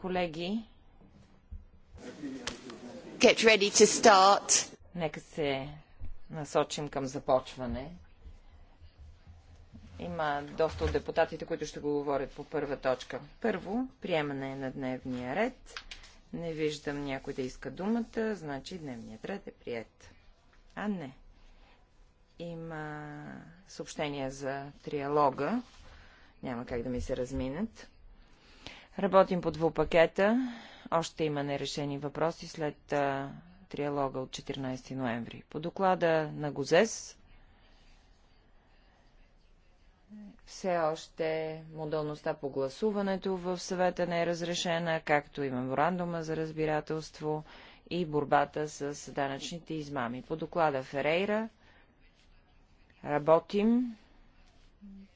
Колеги, Нека се насочим към започване. Има доста от депутатите, които ще го говорят по първа точка. Първо, приемане на дневния ред. Не виждам някой да иска думата, значи дневният ред е прият. А не. Има съобщения за триалога. Няма как да ми се разминат. Работим по двупакета. Още има нерешени въпроси след а, триалога от 14 ноември. По доклада на ГОЗЕС все още модалността по гласуването в съвета не е разрешена, както и меморандума за разбирателство и борбата с данъчните измами. По доклада Ферейра работим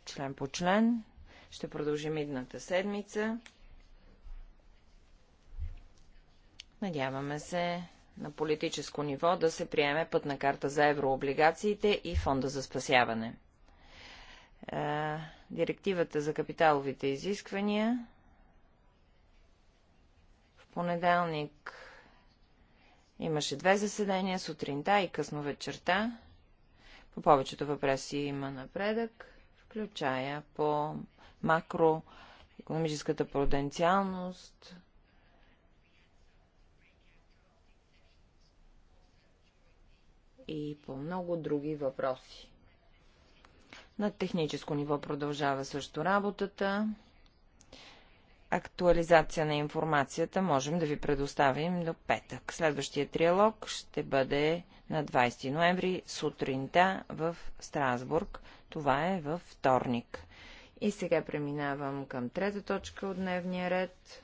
член по член. Ще продължим идната седмица. Надяваме се на политическо ниво да се приеме пътна карта за еврооблигациите и фонда за спасяване. Е, директивата за капиталовите изисквания в понеделник имаше две заседания сутринта и късно вечерта. По повечето въпроси има напредък, включая по макро, економическата и по много други въпроси. На техническо ниво продължава също работата. Актуализация на информацията можем да ви предоставим до петък. Следващия триалог ще бъде на 20 ноември сутринта в Страсбург. Това е във вторник. И сега преминавам към трета точка от дневния ред.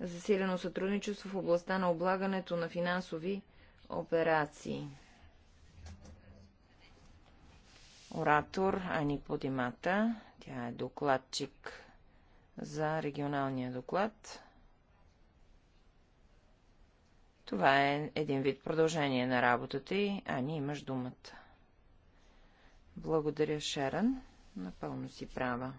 Засилено сътрудничество в областта на облагането на финансови операции. Оратор Ани Подимата. Тя е докладчик за регионалния доклад. Това е един вид продължение на работата и Ани, имаш думата. Благодаря, Шеран. Напълно си права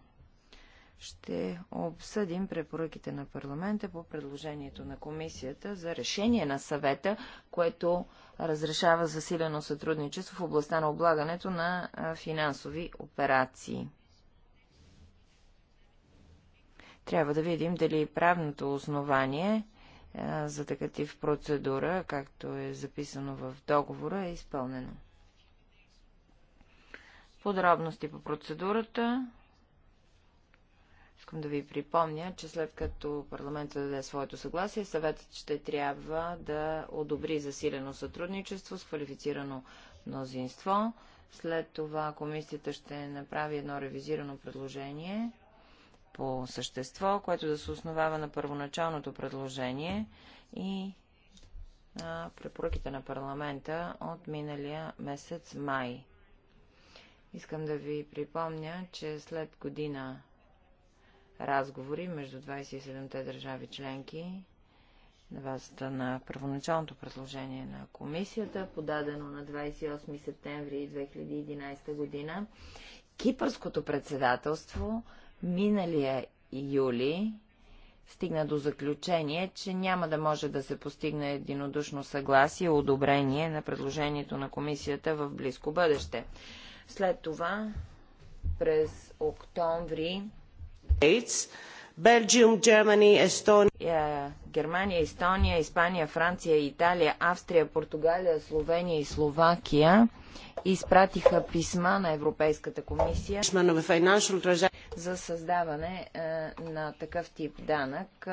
ще обсъдим препоръките на парламента по предложението на комисията за решение на съвета, което разрешава засилено сътрудничество в областта на облагането на финансови операции. Трябва да видим дали правното основание за такъв процедура, както е записано в договора, е изпълнено. Подробности по процедурата Искам да ви припомня, че след като парламентът даде своето съгласие, съветът ще трябва да одобри засилено сътрудничество с квалифицирано мнозинство. След това комисията ще направи едно ревизирано предложение по същество, което да се основава на първоначалното предложение и на препоръките на парламента от миналия месец май. Искам да ви припомня, че след година разговори между 27-те държави членки на базата на първоначалното предложение на комисията, подадено на 28 септември 2011 година. Кипърското председателство миналия юли стигна до заключение, че няма да може да се постигне единодушно съгласие, одобрение на предложението на комисията в близко бъдеще. След това през октомври Belgium, Germany, Estonia. Е, Германия, Естония, Испания, Франция, Италия, Австрия, Португалия, Словения и Словакия изпратиха писма на Европейската комисия за създаване е, на такъв тип данък е,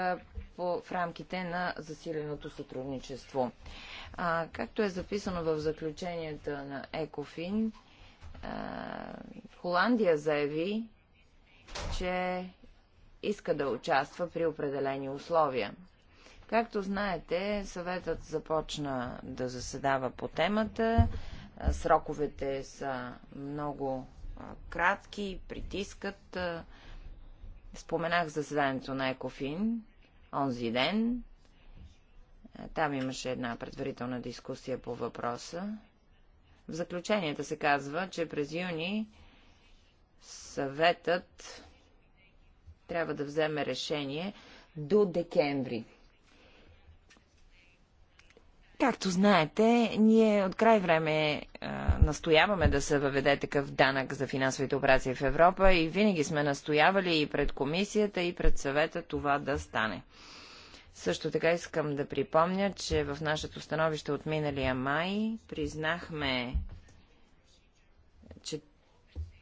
в рамките на засиленото сътрудничество. както е записано в заключенията на ЕКОФИН, Холандия заяви, че иска да участва при определени условия. Както знаете, съветът започна да заседава по темата. Сроковете са много кратки, притискат. Споменах заседанието на Екофин онзи ден. Там имаше една предварителна дискусия по въпроса. В заключенията се казва, че през юни съветът трябва да вземе решение до декември. Както знаете, ние от край време а, настояваме да се въведе такъв данък за финансовите операции в Европа и винаги сме настоявали и пред комисията, и пред съвета това да стане. Също така искам да припомня, че в нашето становище от миналия май признахме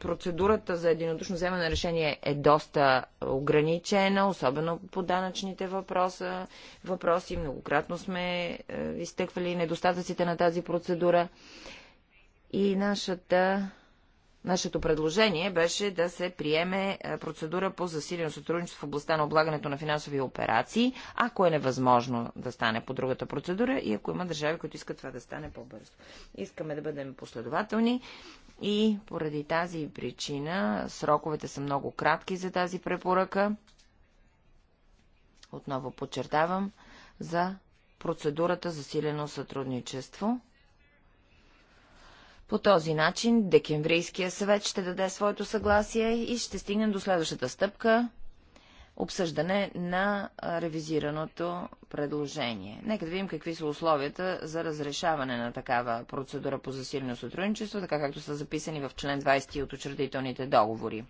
процедурата за единодушно вземане на решение е доста ограничена, особено по данъчните въпроса, въпроси. Многократно сме е, изтъквали недостатъците на тази процедура. И нашата Нашето предложение беше да се приеме е, процедура по засилено сътрудничество в областта на облагането на финансови операции, ако е невъзможно да стане по другата процедура и ако има държави, които искат това да стане по-бързо. Искаме да бъдем последователни и поради тази причина сроковете са много кратки за тази препоръка. Отново подчертавам за процедурата за силено сътрудничество по този начин Декемврийския съвет ще даде своето съгласие и ще стигнем до следващата стъпка обсъждане на ревизираното предложение. Нека да видим какви са условията за разрешаване на такава процедура по засилено сътрудничество, така както са записани в член 20 от учредителните договори,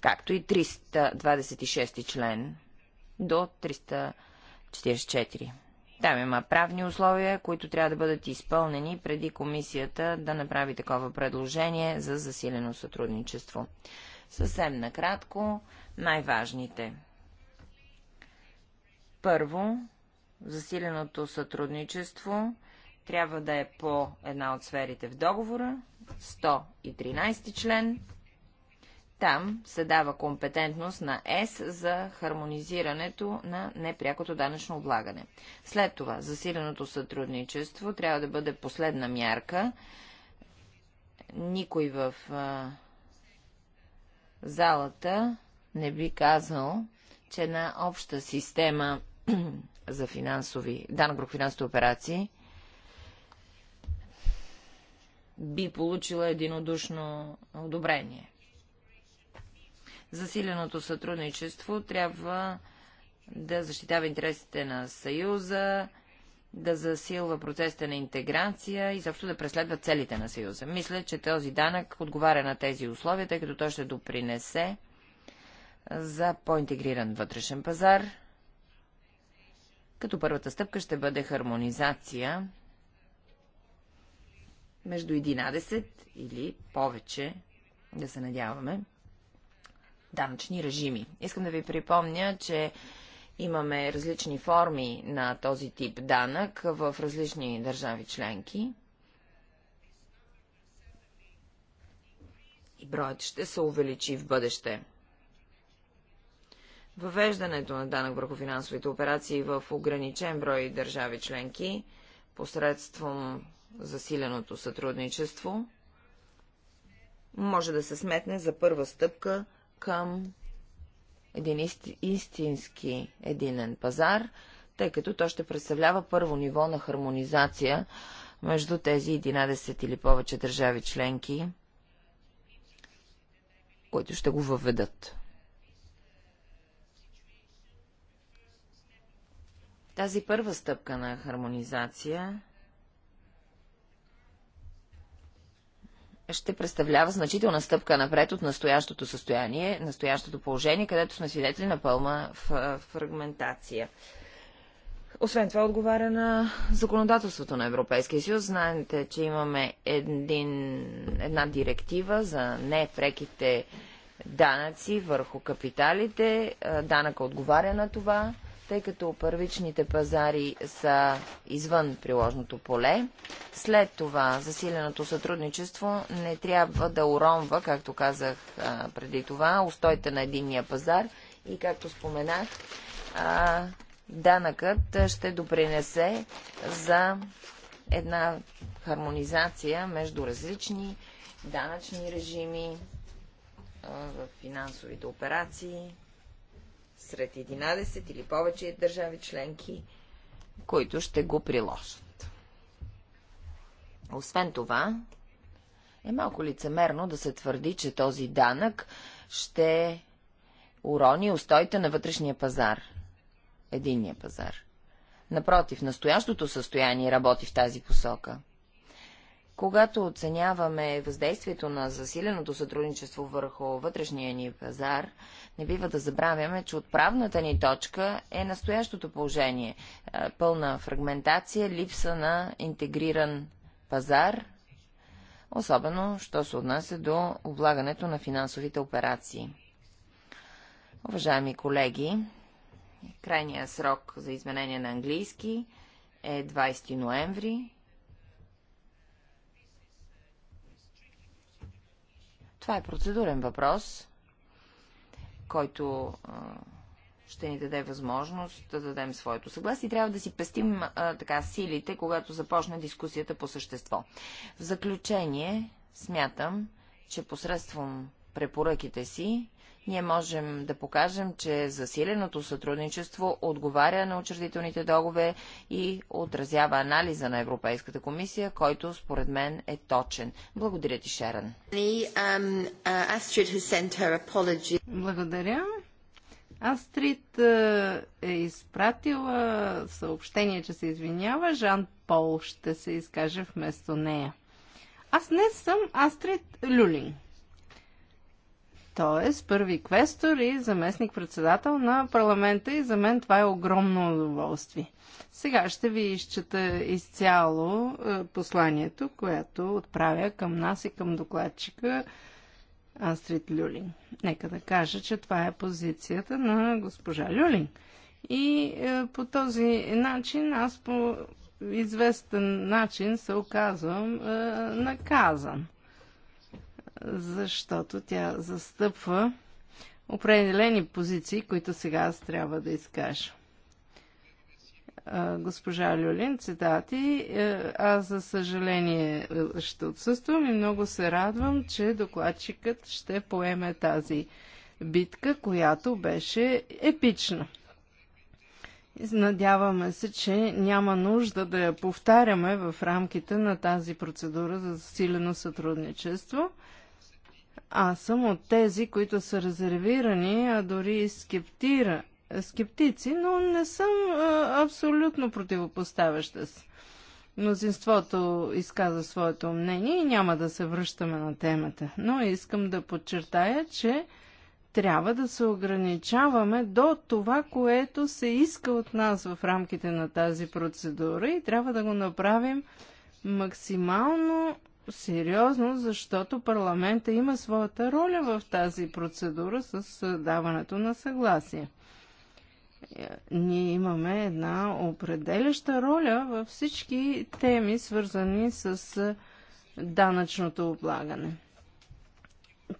както и 326 член до 344. Там има правни условия, които трябва да бъдат изпълнени преди комисията да направи такова предложение за засилено сътрудничество. Съвсем накратко, най-важните. Първо, засиленото сътрудничество трябва да е по една от сферите в договора, 113 член, там се дава компетентност на ЕС за хармонизирането на непрякото данъчно облагане. След това, засиленото сътрудничество трябва да бъде последна мярка. Никой в а, залата не би казал, че на обща система за финансови, данък финансови операции би получила единодушно одобрение. Засиленото сътрудничество трябва да защитава интересите на Съюза, да засилва процесите на интеграция и също да преследва целите на Съюза. Мисля, че този данък отговаря на тези условия, тъй като той ще допринесе за по-интегриран вътрешен пазар. Като първата стъпка ще бъде хармонизация между 11 или повече, да се надяваме, данъчни режими. Искам да ви припомня, че имаме различни форми на този тип данък в различни държави членки. И броят ще се увеличи в бъдеще. Въвеждането на данък върху финансовите операции в ограничен брой държави членки посредством засиленото сътрудничество може да се сметне за първа стъпка към един истински единен пазар, тъй като то ще представлява първо ниво на хармонизация между тези 11 или повече държави членки, които ще го въведат. Тази първа стъпка на хармонизация ще представлява значителна стъпка напред от настоящото състояние, настоящото положение, където сме свидетели на пълна фрагментация. Освен това отговаря на законодателството на Европейския съюз. Знаете, че имаме един, една директива за непреките данъци върху капиталите. Данъка отговаря на това тъй като първичните пазари са извън приложното поле, след това засиленото сътрудничество не трябва да уронва, както казах преди това, устойте на единния пазар и, както споменах, данъкът ще допринесе за една хармонизация между различни данъчни режими в финансовите операции сред 11 или повече държави членки, които ще го приложат. Освен това, е малко лицемерно да се твърди, че този данък ще урони устоите на вътрешния пазар. Единния пазар. Напротив, настоящото състояние работи в тази посока. Когато оценяваме въздействието на засиленото сътрудничество върху вътрешния ни пазар, не бива да забравяме, че отправната ни точка е настоящото положение. Е, пълна фрагментация, липса на интегриран пазар, особено, що се отнася до облагането на финансовите операции. Уважаеми колеги, крайният срок за изменение на английски е 20 ноември. Това е процедурен въпрос който ще ни даде възможност да дадем своето съгласие. Трябва да си пестим а, така силите, когато започне дискусията по същество. В заключение, смятам, че посредством препоръките си ние можем да покажем, че засиленото сътрудничество отговаря на учредителните догове и отразява анализа на Европейската комисия, който според мен е точен. Благодаря ти, Шеран. Ами, Благодаря. Астрид е изпратила съобщение, че се извинява. Жан Пол ще се изкаже вместо нея. Аз не съм Астрид Люлин. Т.е. първи квестор и заместник-председател на парламента и за мен това е огромно удоволствие. Сега ще ви изчета изцяло е, посланието, което отправя към нас и към докладчика Астрид Люлин. Нека да кажа, че това е позицията на госпожа Люлин. И е, по този начин аз по известен начин се оказвам е, наказан защото тя застъпва определени позиции, които сега аз трябва да изкажа. Госпожа Люлин, цитати. Е, аз, за съжаление, ще отсъствам и много се радвам, че докладчикът ще поеме тази битка, която беше епична. Надяваме се, че няма нужда да я повтаряме в рамките на тази процедура за засилено сътрудничество – аз съм от тези, които са резервирани, а дори и скептира, скептици, но не съм а, абсолютно противопоставяща се. Мнозинството изказа своето мнение и няма да се връщаме на темата. Но искам да подчертая, че трябва да се ограничаваме до това, което се иска от нас в рамките на тази процедура и трябва да го направим максимално сериозно, защото парламента има своята роля в тази процедура с даването на съгласие. Е, ние имаме една определяща роля във всички теми, свързани с данъчното облагане.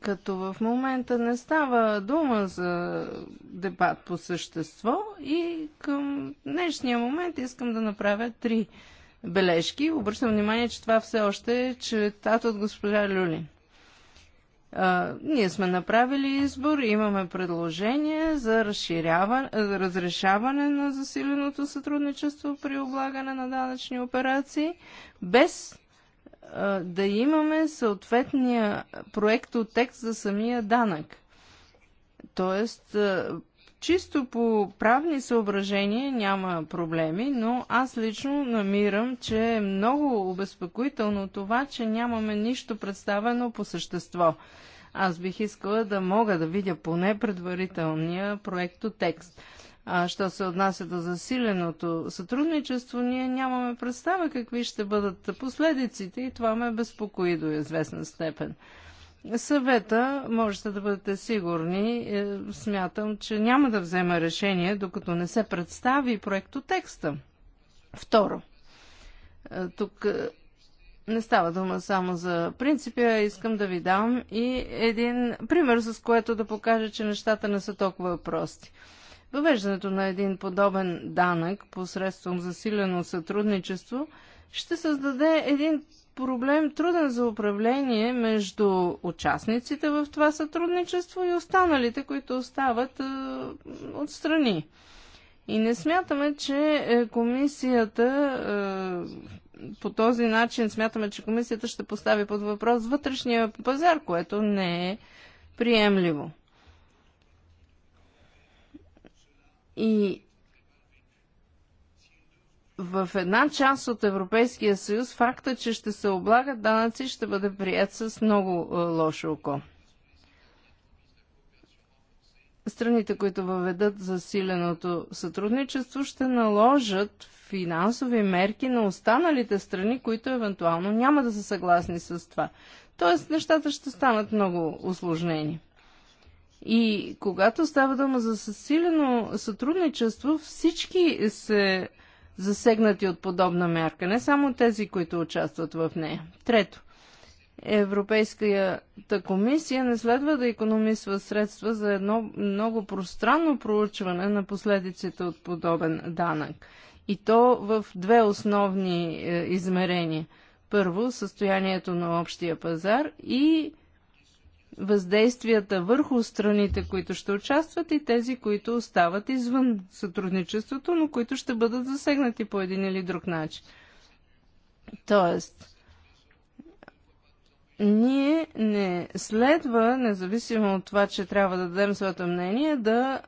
Като в момента не става дума за дебат по същество и към днешния момент искам да направя три бележки. Обръщам внимание, че това все още е четата от госпожа Люлин. А, ние сме направили избор, имаме предложение за, разширяване, за разрешаване на засиленото сътрудничество при облагане на данъчни операции, без а, да имаме съответния проект от текст за самия данък. Тоест, а, Чисто по правни съображения няма проблеми, но аз лично намирам, че е много обезпокоително това, че нямаме нищо представено по същество. Аз бих искала да мога да видя поне предварителния текст. А, що се отнася до засиленото сътрудничество, ние нямаме представа какви ще бъдат последиците и това ме безпокои до известна степен. Съвета, можете да бъдете сигурни, е, смятам, че няма да взема решение, докато не се представи текста. Второ, е, тук е, не става дума само за принципи, а искам да ви дам и един пример, с което да покажа, че нещата не са толкова прости. Въвеждането на един подобен данък посредством засилено сътрудничество ще създаде един проблем труден за управление между участниците в това сътрудничество и останалите, които остават е, отстрани. И не смятаме, че е, комисията е, по този начин смятаме, че комисията ще постави под въпрос вътрешния пазар, което не е приемливо. И в една част от Европейския съюз факта, че ще се облагат данъци, ще бъде прият с много е, лошо око. Страните, които въведат засиленото сътрудничество, ще наложат финансови мерки на останалите страни, които евентуално няма да са съгласни с това. Тоест, нещата ще станат много осложнени. И когато става дума за засилено сътрудничество, всички се засегнати от подобна мярка, не само тези, които участват в нея. Трето, Европейската комисия не следва да економисва средства за едно много пространно проучване на последиците от подобен данък. И то в две основни е, измерения. Първо, състоянието на общия пазар и въздействията върху страните, които ще участват и тези, които остават извън сътрудничеството, но които ще бъдат засегнати по един или друг начин. Тоест, ние не следва, независимо от това, че трябва да дадем своето мнение, да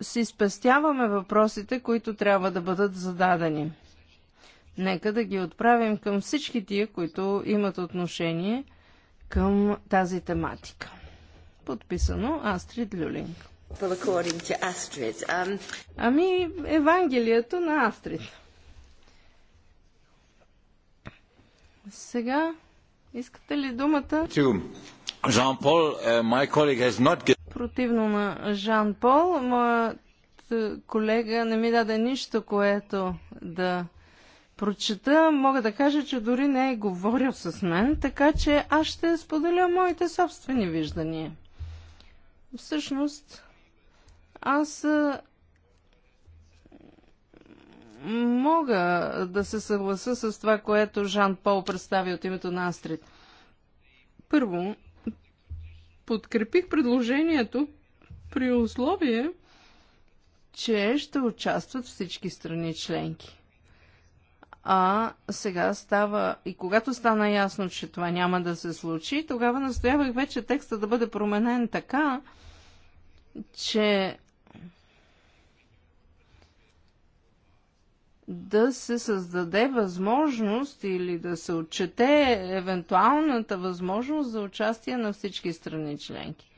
си спестяваме въпросите, които трябва да бъдат зададени. Нека да ги отправим към всички тия, които имат отношение към тази тематика. Подписано Астрид Люлинг. Um, ами, Евангелието на Астрид. Сега, искате ли думата? Жан-Пол, uh, not... Противно на Жан-Пол, моят колега не ми даде нищо, което да прочета, мога да кажа, че дори не е говорил с мен, така че аз ще споделя моите собствени виждания. Всъщност, аз мога да се съгласа с това, което Жан Пол представи от името на Астрид. Първо, подкрепих предложението при условие, че ще участват всички страни членки а сега става, и когато стана ясно, че това няма да се случи, тогава настоявах вече текста да бъде променен така, че да се създаде възможност или да се отчете евентуалната възможност за участие на всички страни членки.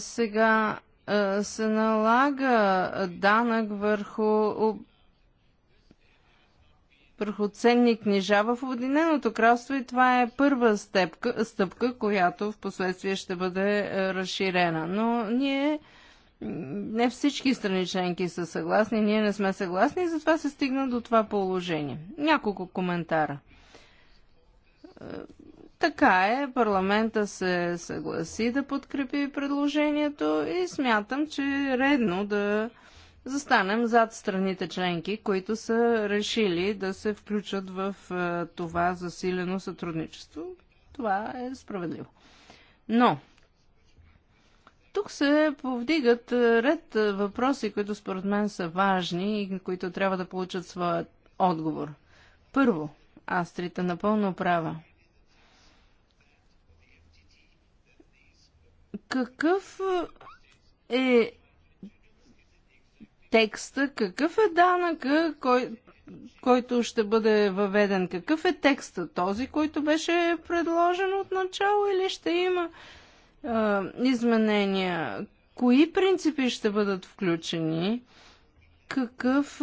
сега се налага данък върху върху ценни книжа в Обединеното кралство и това е първа стъпка, стъпка, която в последствие ще бъде е, разширена. Но ние не всички страни членки са съгласни, ние не сме съгласни и затова се стигна до това положение. Няколко коментара е, така е, парламента се съгласи да подкрепи предложението и смятам, че е редно да застанем зад страните членки, които са решили да се включат в това засилено сътрудничество. Това е справедливо. Но, тук се повдигат ред въпроси, които според мен са важни и които трябва да получат своят отговор. Първо, Астрите напълно права. Какъв е, е текста, какъв е данъка, кой, който ще бъде въведен? Какъв е текста? Този, който беше предложен от начало или ще има а, изменения? Кои принципи ще бъдат включени? Какъв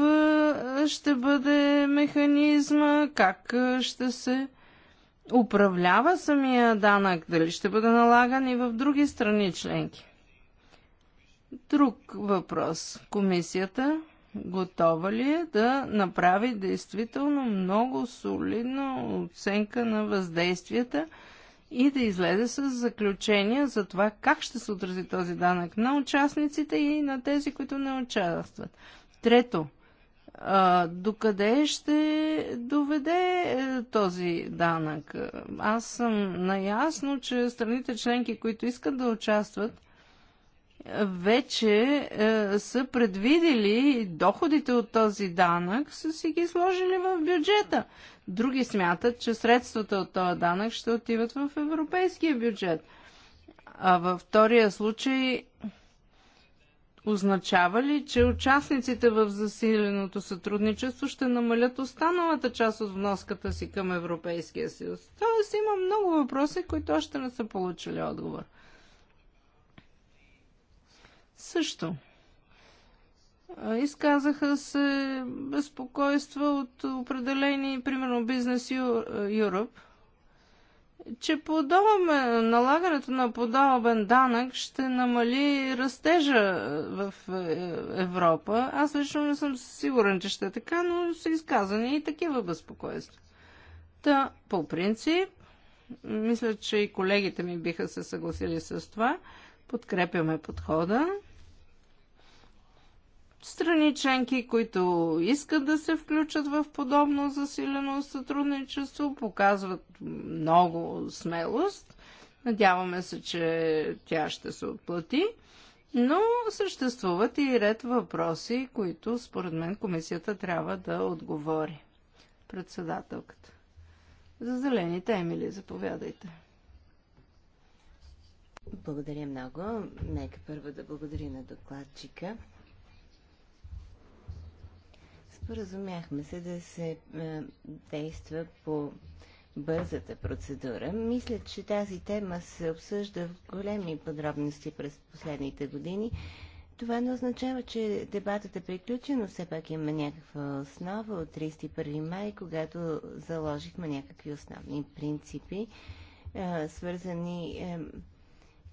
ще бъде механизма? Как ще се управлява самия данък, дали ще бъде налаган и в други страни членки. Друг въпрос. Комисията готова ли е да направи действително много солидна оценка на въздействията и да излезе с заключение за това как ще се отрази този данък на участниците и на тези, които не участват. Трето, до докъде ще доведе е, този данък? Аз съм наясно, че страните членки, които искат да участват, вече е, са предвидели доходите от този данък, са си ги сложили в бюджета. Други смятат, че средствата от този данък ще отиват в европейския бюджет. А във втория случай Означава ли, че участниците в засиленото сътрудничество ще намалят останалата част от вноската си към Европейския съюз? Тоест има много въпроси, които още не са получили отговор. Също. Изказаха се безпокойства от определени, примерно, бизнес Europe, че подобен, налагането на подобен данък ще намали растежа е, в е, Европа. Аз лично не съм сигурен, че ще е така, но са изказани и такива безпокойства. Та, по принцип, мисля, че и колегите ми биха се съгласили с това. Подкрепяме подхода страни членки, които искат да се включат в подобно засилено сътрудничество, показват много смелост. Надяваме се, че тя ще се отплати. Но съществуват и ред въпроси, които според мен комисията трябва да отговори. Председателката. За зелените, Емили, заповядайте. Благодаря много. Нека първо да благодаря на докладчика. Споразумяхме се да се е, действа по бързата процедура. Мисля, че тази тема се обсъжда в големи подробности през последните години. Това не означава, че дебатът е приключен, но все пак има някаква основа от 31 май, когато заложихме някакви основни принципи, е, свързани е,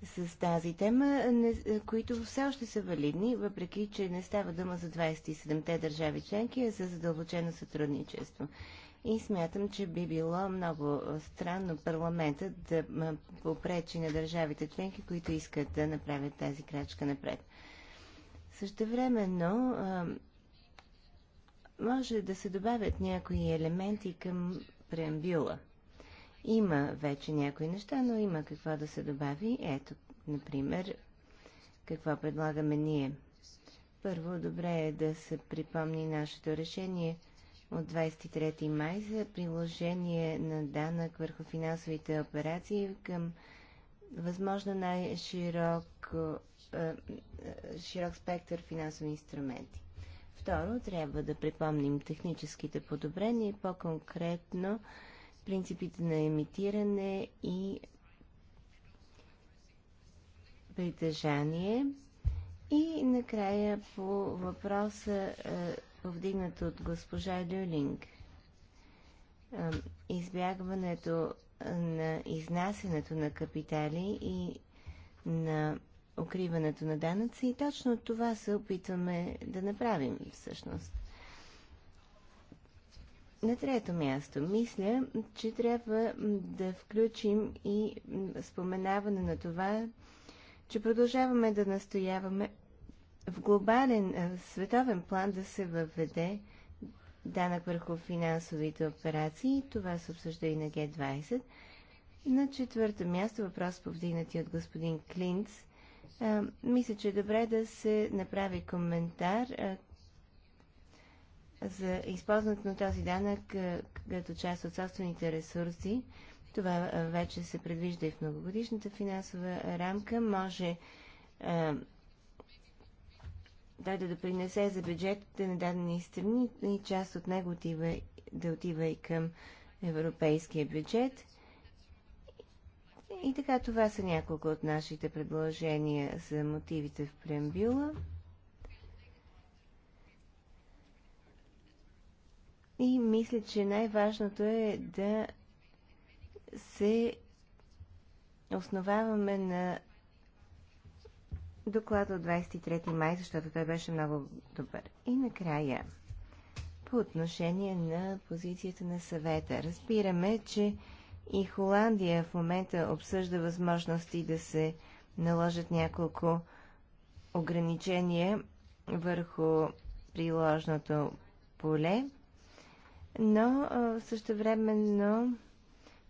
с тази тема, не, които все още са валидни, въпреки че не става дума за 27-те държави членки, а за задълбочено сътрудничество. И смятам, че би било много странно парламентът да попречи на държавите членки, които искат да направят тази крачка напред. Също но може да се добавят някои елементи към преамбюла – има вече някои неща, но има какво да се добави. Ето, например, какво предлагаме ние. Първо, добре е да се припомни нашето решение от 23 май за приложение на данък върху финансовите операции към възможно най-широк широк спектър финансови инструменти. Второ, трябва да припомним техническите подобрения и по-конкретно принципите на емитиране и притежание. И накрая по въпроса, е, повдигнат от госпожа Люлинг. Е, избягването на изнасянето на капитали и на укриването на данъци. И точно това се опитваме да направим всъщност. На трето място, мисля, че трябва да включим и споменаване на това, че продължаваме да настояваме в глобален световен план да се въведе данък върху финансовите операции. Това се обсъжда и на Г-20. На четвърто място въпрос повдигнати от господин Клинц. А, мисля, че е добре да се направи коментар а, за използването на този данък като част от собствените ресурси. Това вече се предвижда и в многогодишната финансова рамка. Може да, да допринесе за бюджетите на дадени страни и част от него отива, да отива и към европейския бюджет. И така, това са няколко от нашите предложения за мотивите в преамбюла. И мисля, че най-важното е да се основаваме на доклада от 23 май, защото той беше много добър. И накрая, по отношение на позицията на съвета, разбираме, че и Холандия в момента обсъжда възможности да се наложат няколко ограничения върху приложното поле но също времено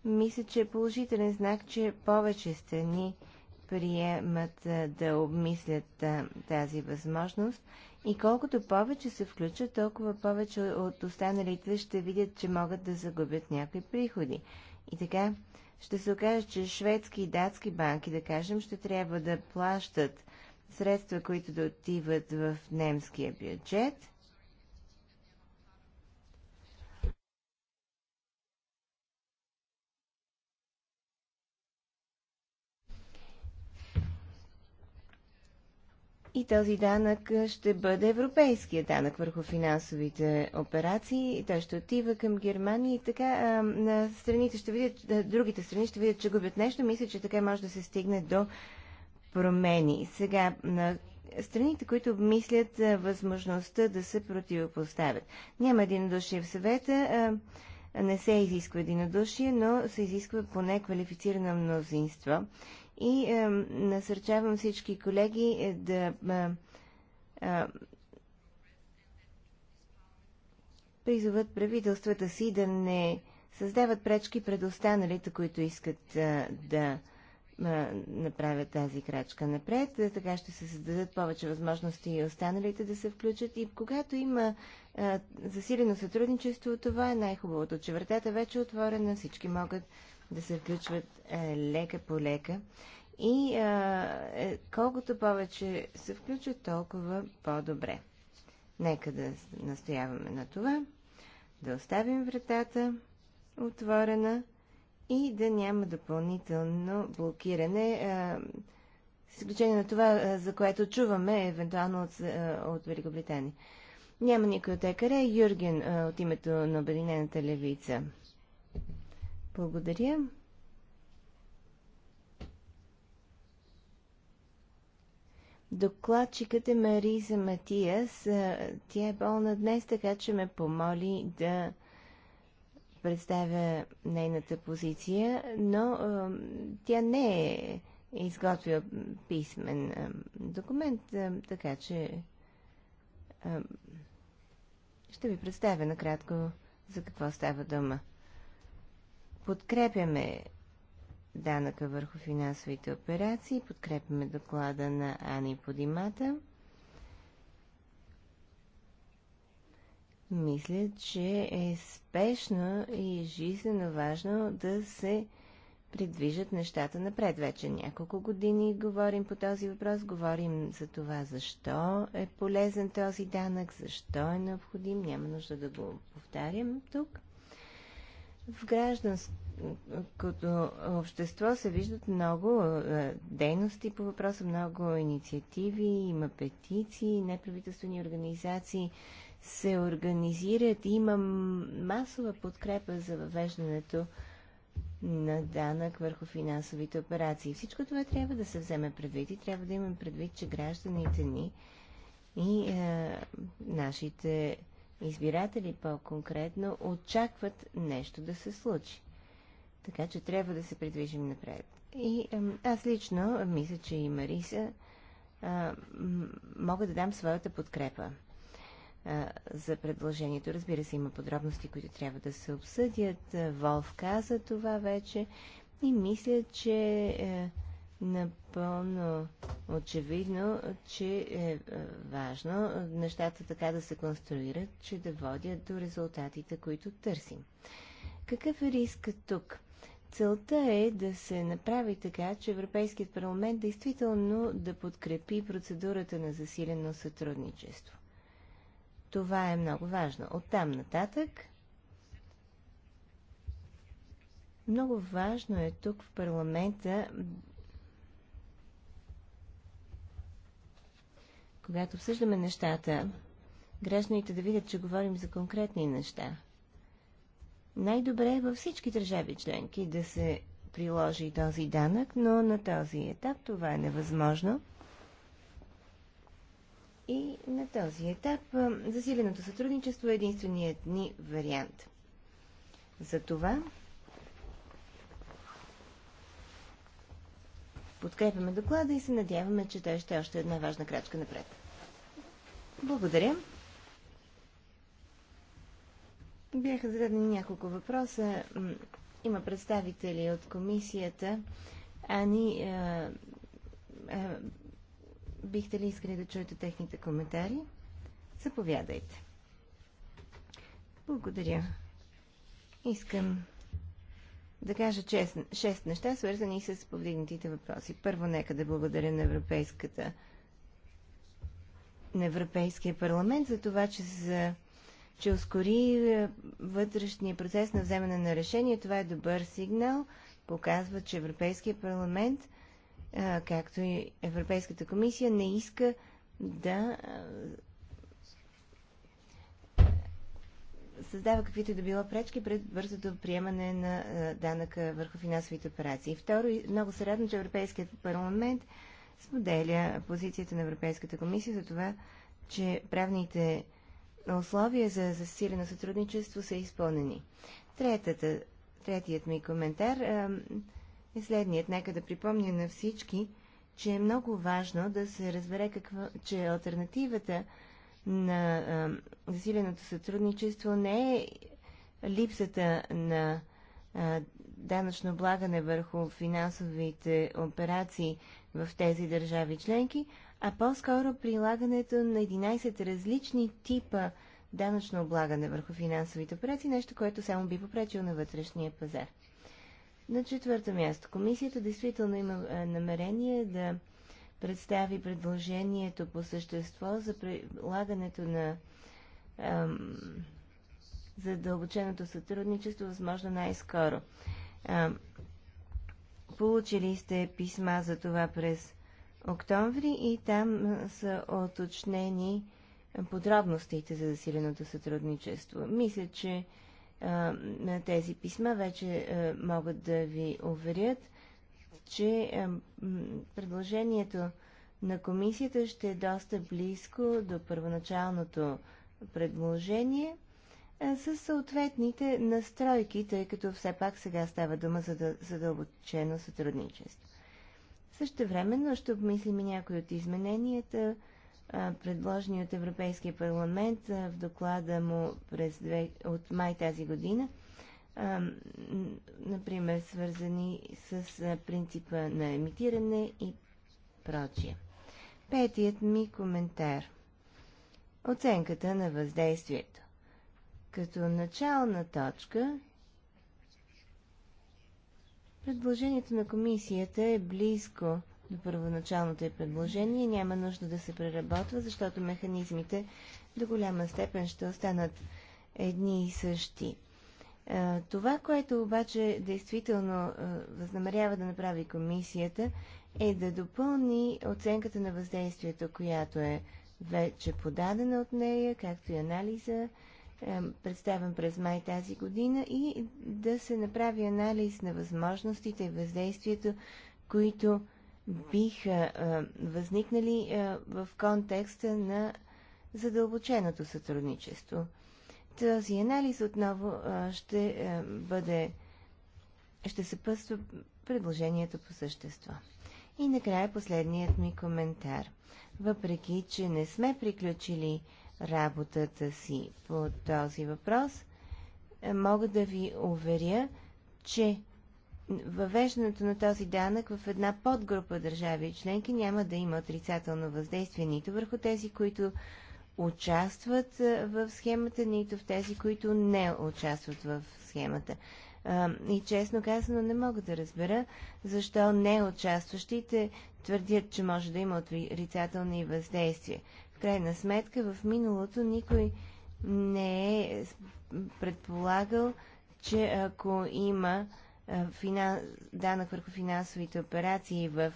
мисля, че е положителен знак, че повече страни приемат да обмислят тази възможност и колкото повече се включат, толкова повече от останалите ще видят, че могат да загубят някакви приходи. И така ще се окаже, че шведски и датски банки, да кажем, ще трябва да плащат средства, които да отиват в немския бюджет – И този данък ще бъде европейския данък върху финансовите операции. Той ще отива към Германия и така а, на страните ще видят, другите страни ще видят, че губят нещо. Мисля, че така може да се стигне до промени. Сега, на страните, които обмислят възможността да се противопоставят. Няма единодушие в съвета, а, не се изисква единодушие, но се изисква поне квалифицирано мнозинство и е, насърчавам всички колеги е, да е, призоват правителствата си да не създават пречки пред останалите, които искат а, е, да а, е, направят тази крачка напред. Е, така ще се създадат повече възможности и останалите да се включат. И когато има а, засилено сътрудничество, това е най-хубавото, че вратата вече е отворена, всички могат да се включват е, лека по лека. И е, колкото повече се включат, толкова по-добре. Нека да настояваме на това, да оставим вратата отворена и да няма допълнително блокиране. Е, с изключение на това, за което чуваме, евентуално от, от Великобритания. Няма никой от ЕКР. Юрген от името на Обединената левица. Благодаря. Докладчикът е Мариза Матиас. Тя е болна днес, така че ме помоли да представя нейната позиция, но а, тя не е изготвила писмен а, документ, а, така че ще ви представя накратко за какво става дума. Подкрепяме данъка върху финансовите операции, подкрепяме доклада на Ани Подимата. Мисля, че е спешно и жизненно важно да се придвижат нещата напред. Вече няколко години говорим по този въпрос, говорим за това защо е полезен този данък, защо е необходим, няма нужда да го повтарям тук. В гражданското общество се виждат много е, дейности по въпроса, много инициативи, има петиции, неправителствени организации се организират. и Има масова подкрепа за въвеждането на данък върху финансовите операции. Всичко това трябва да се вземе предвид и трябва да имаме предвид, че гражданите ни и е, нашите избиратели по-конкретно очакват нещо да се случи. Така че трябва да се придвижим напред. И аз лично мисля, че и Мариса а, мога да дам своята подкрепа а, за предложението. Разбира се, има подробности, които трябва да се обсъдят. Волф каза това вече и мисля, че а, е, напълно очевидно, че е, е важно нещата така да се конструират, че да водят до резултатите, които търсим. Какъв е рискът тук? Целта е да се направи така, че Европейският парламент действително да подкрепи процедурата на засилено сътрудничество. Това е много важно. Оттам нататък много важно е тук в парламента когато обсъждаме нещата, гражданите да видят, че говорим за конкретни неща. Най-добре е във всички държави членки да се приложи този данък, но на този етап това е невъзможно. И на този етап засиленото сътрудничество е единственият ни вариант. Затова подкрепяме доклада и се надяваме, че той ще е още една важна крачка напред. Благодаря. Бяха зададени няколко въпроса. Има представители от комисията. Ани, а, а, е, е, бихте ли искали да чуете техните коментари? Заповядайте. Благодаря. Искам да кажа чест, шест неща, свързани с повдигнатите въпроси. Първо, нека да благодаря на Европейската на Европейския парламент за това, че, за, че ускори е, вътрешния процес на вземане на решение. Това е добър сигнал. Показва, че Европейския парламент, е, както и Европейската комисия, не иска да е, създава каквито да било пречки пред бързото приемане на данъка върху финансовите операции. Второ, много се радвам, че Европейският парламент споделя позицията на Европейската комисия за това, че правните условия за засилено сътрудничество са изпълнени. Третата, третият ми коментар е следният. Нека да припомня на всички, че е много важно да се разбере какво, че альтернативата на засиленото сътрудничество не е липсата на данъчно облагане върху финансовите операции в тези държави членки, а по-скоро прилагането на 11 различни типа данъчно облагане върху финансовите операции, нещо, което само би попречило на вътрешния пазар. На четвърто място, комисията действително има е, намерение да представи предложението по същество за прилагането на ам, задълбоченото сътрудничество, възможно най-скоро. Получили сте писма за това през октомври и там са оточнени подробностите за засиленото сътрудничество. Мисля, че а, тези писма вече а, могат да ви уверят, че а, предложението на комисията ще е доста близко до първоначалното предложение със съответните настройки, тъй като все пак сега става дума за задълбочено сътрудничество. Също времено ще обмислим и някои от измененията, предложени от Европейския парламент в доклада му през две, от май тази година, например, свързани с принципа на емитиране и прочие. Петият ми коментар. Оценката на въздействието като начална точка предложението на комисията е близко до първоначалното е предложение. Няма нужда да се преработва, защото механизмите до голяма степен ще останат едни и същи. Това, което обаче действително възнамерява да направи комисията, е да допълни оценката на въздействието, която е вече подадена от нея, както и анализа представен през май тази година и да се направи анализ на възможностите и въздействието, които биха възникнали е, в контекста на задълбоченото сътрудничество. Този анализ отново е, ще е, бъде ще съпътства предложението по същество. И накрая последният ми коментар. Въпреки, че не сме приключили работата си по този въпрос. Е, мога да ви уверя, че въвеждането на този данък в една подгрупа държави и членки няма да има отрицателно въздействие нито върху тези, които участват е, в схемата, нито в тези, които не участват в схемата. Е, и честно казано не мога да разбера защо не участващите твърдят, че може да има отрицателни въздействия крайна сметка в миналото никой не е предполагал, че ако има данък върху финансовите операции в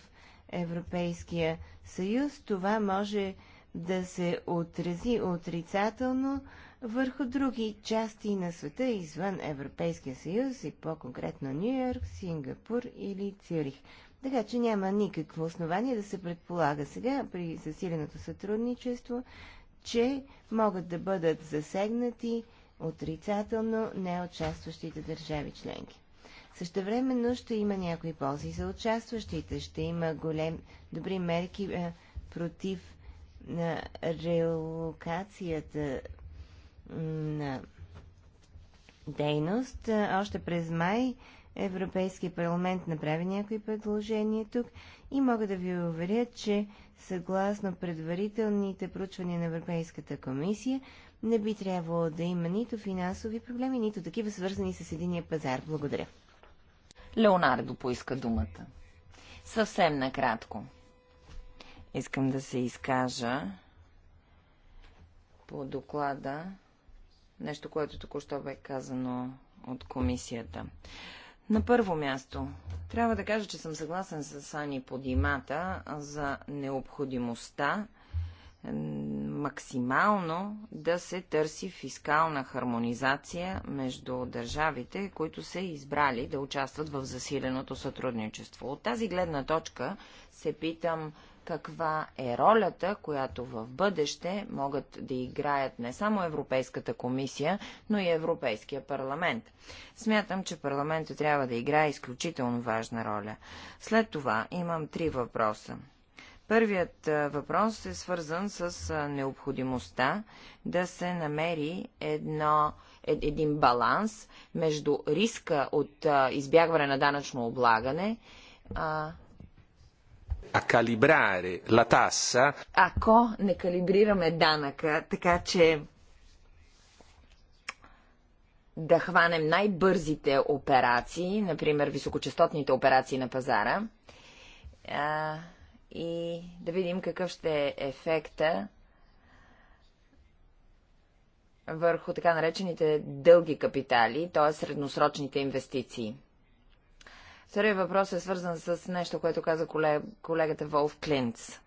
Европейския съюз, това може да се отрази отрицателно върху други части на света извън Европейския съюз и по-конкретно Нью Йорк, Сингапур или Цюрих. Така че няма никакво основание да се предполага сега при засиленото сътрудничество, че могат да бъдат засегнати отрицателно неучастващите държави членки. Същевременно ще има някои ползи за участващите, ще има голем, добри мерки е, против на релокацията на дейност. Е, още през май Европейския парламент направи някои предложения тук и мога да ви уверя, че съгласно предварителните проучвания на Европейската комисия не би трябвало да има нито финансови проблеми, нито такива свързани с единия пазар. Благодаря. Леонардо поиска думата. Съвсем накратко. Искам да се изкажа по доклада нещо, което току-що бе казано от комисията. На първо място, трябва да кажа, че съм съгласен с Ани Подимата за необходимостта максимално да се търси фискална хармонизация между държавите, които са избрали да участват в засиленото сътрудничество. От тази гледна точка се питам каква е ролята, която в бъдеще могат да играят не само Европейската комисия, но и Европейския парламент. Смятам, че парламентът трябва да играе изключително важна роля. След това имам три въпроса. Първият въпрос е свързан с необходимостта да се намери едно, е, един баланс между риска от избягване на данъчно облагане a calibrare la tassa. Ако не калибрираме данъка, така че да хванем най-бързите операции, например високочастотните операции на пазара, а, и да видим какъв ще е ефекта върху така наречените дълги капитали, т.е. средносрочните инвестиции. Втория въпрос е свързан с нещо, което каза колег, колегата Волф Клинц.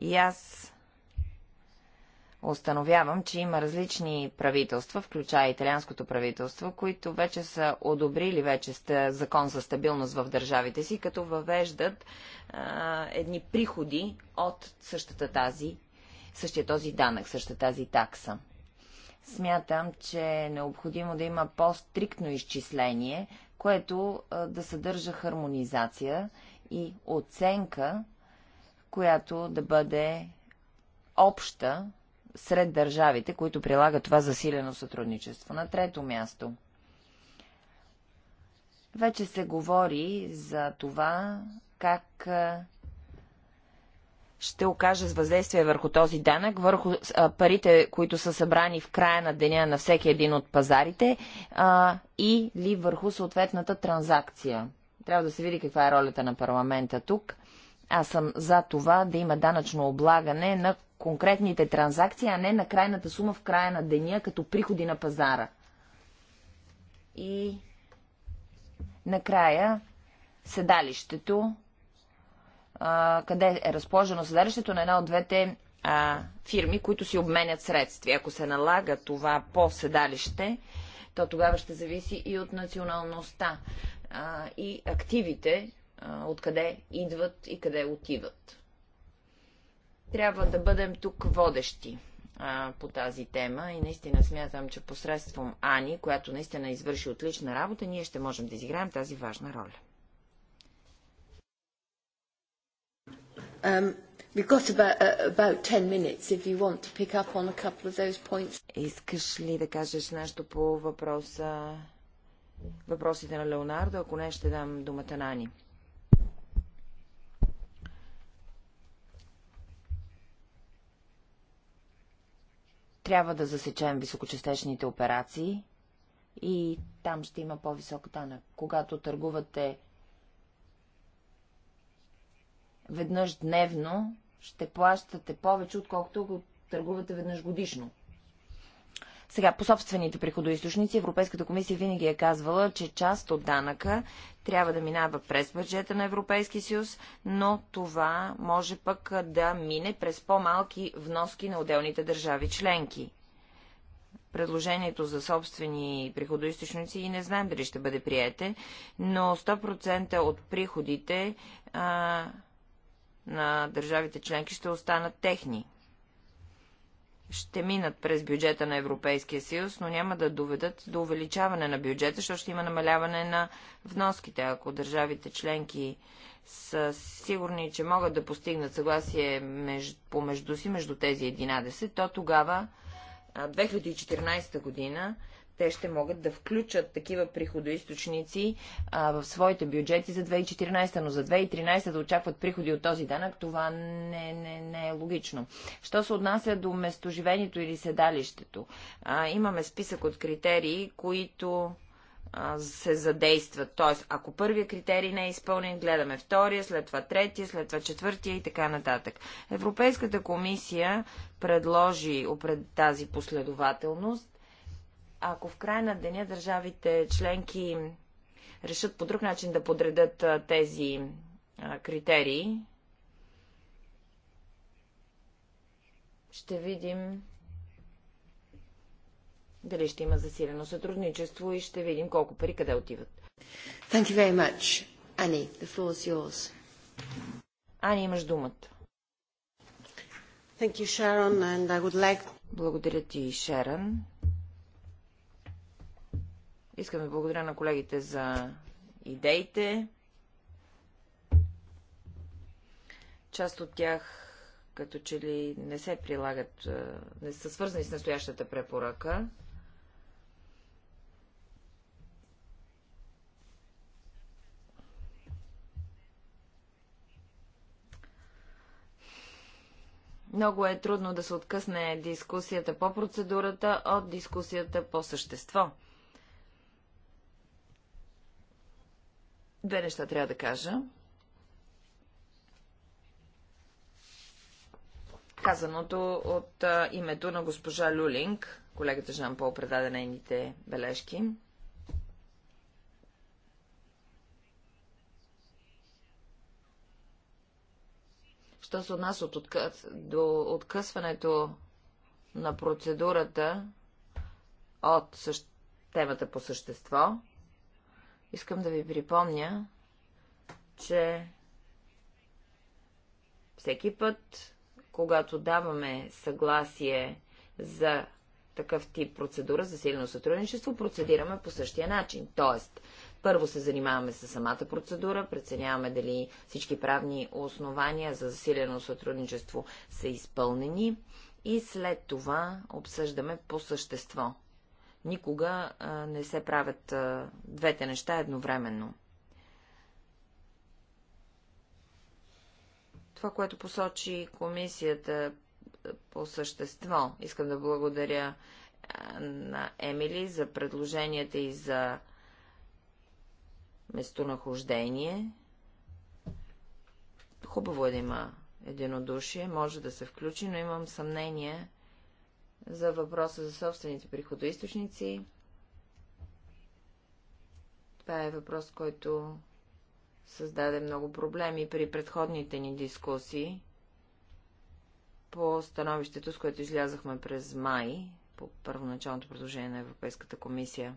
И аз установявам, че има различни правителства, включая италианското правителство, които вече са одобрили вече закон за стабилност в държавите си, като въвеждат а, едни приходи от същата тази, същия този данък, същата тази такса. Смятам, че е необходимо да има по-стриктно изчисление което да съдържа хармонизация и оценка, която да бъде обща сред държавите, които прилагат това засилено сътрудничество. На трето място. Вече се говори за това, как ще окаже с въздействие върху този данък, върху а, парите, които са събрани в края на деня на всеки един от пазарите а, или върху съответната транзакция. Трябва да се види каква е ролята на парламента тук. Аз съм за това да има данъчно облагане на конкретните транзакции, а не на крайната сума в края на деня като приходи на пазара. И накрая седалището къде е разположено седалището на една от двете а, фирми, които си обменят средства. Ако се налага това по седалище, то тогава ще зависи и от националността а, и активите, а, откъде идват и къде отиват. Трябва да бъдем тук водещи а, по тази тема и наистина смятам, че посредством Ани, която наистина извърши отлична работа, ние ще можем да изиграем тази важна роля. Um, we've got about, uh, about 10 minutes if you want to pick up on a couple of those points. Искаш ли да кажеш нещо по въпроса, въпросите на Леонардо? Ако не, ще дам думата на Ани. Трябва да засечем високочастечните операции и там ще има по-висок данък. Когато търгувате веднъж дневно, ще плащате повече, отколкото го търгувате веднъж годишно. Сега, по собствените приходоисточници, Европейската комисия винаги е казвала, че част от данъка трябва да минава през бюджета на Европейския съюз, но това може пък да мине през по-малки вноски на отделните държави членки. Предложението за собствени приходоисточници и не знаем дали ще бъде приете, но 100% от приходите а, на държавите членки ще останат техни. Ще минат през бюджета на Европейския съюз, но няма да доведат до увеличаване на бюджета, защото ще има намаляване на вноските. Ако държавите членки са сигурни, че могат да постигнат съгласие помежду си, между тези 11, то тогава 2014 година те ще могат да включат такива приходоисточници а, в своите бюджети за 2014, но за 2013 да очакват приходи от този данък, това не, не, не е логично. Що се отнася до местоживението или седалището? А, имаме списък от критерии, които а, се задействат. Тоест, ако първия критерий не е изпълнен, гледаме втория, след това третия, след това четвъртия и така нататък. Европейската комисия предложи тази последователност ако в края на деня държавите членки решат по друг начин да подредат тези критерии, ще видим дали ще има засилено сътрудничество и ще видим колко пари къде отиват. Thank you very much. Annie, the floor is yours. Ани, имаш думата. Thank you, Sharon, and I would like... Благодаря ти, Шерон. Искам да благодаря на колегите за идеите. Част от тях като че ли не се прилагат, не са свързани с настоящата препоръка. Много е трудно да се откъсне дискусията по процедурата от дискусията по същество. Две неща трябва да кажа. Казаното от а, името на госпожа Люлинг, колегата Жан Пол предаде нейните бележки. Що се отнася от откъс... до откъсването на процедурата от същ... темата по същество, Искам да ви припомня, че всеки път, когато даваме съгласие за такъв тип процедура за силно сътрудничество, процедираме по същия начин. Тоест, първо се занимаваме с самата процедура, преценяваме дали всички правни основания за засилено сътрудничество са изпълнени и след това обсъждаме по същество Никога не се правят двете неща едновременно. Това, което посочи комисията по същество, искам да благодаря на Емили за предложенията и за местонахождение. Хубаво е да има единодушие, може да се включи, но имам съмнение, за въпроса за собствените приходоисточници. Това е въпрос, който създаде много проблеми при предходните ни дискусии по становището, с което излязахме през май, по първоначалното предложение на Европейската комисия.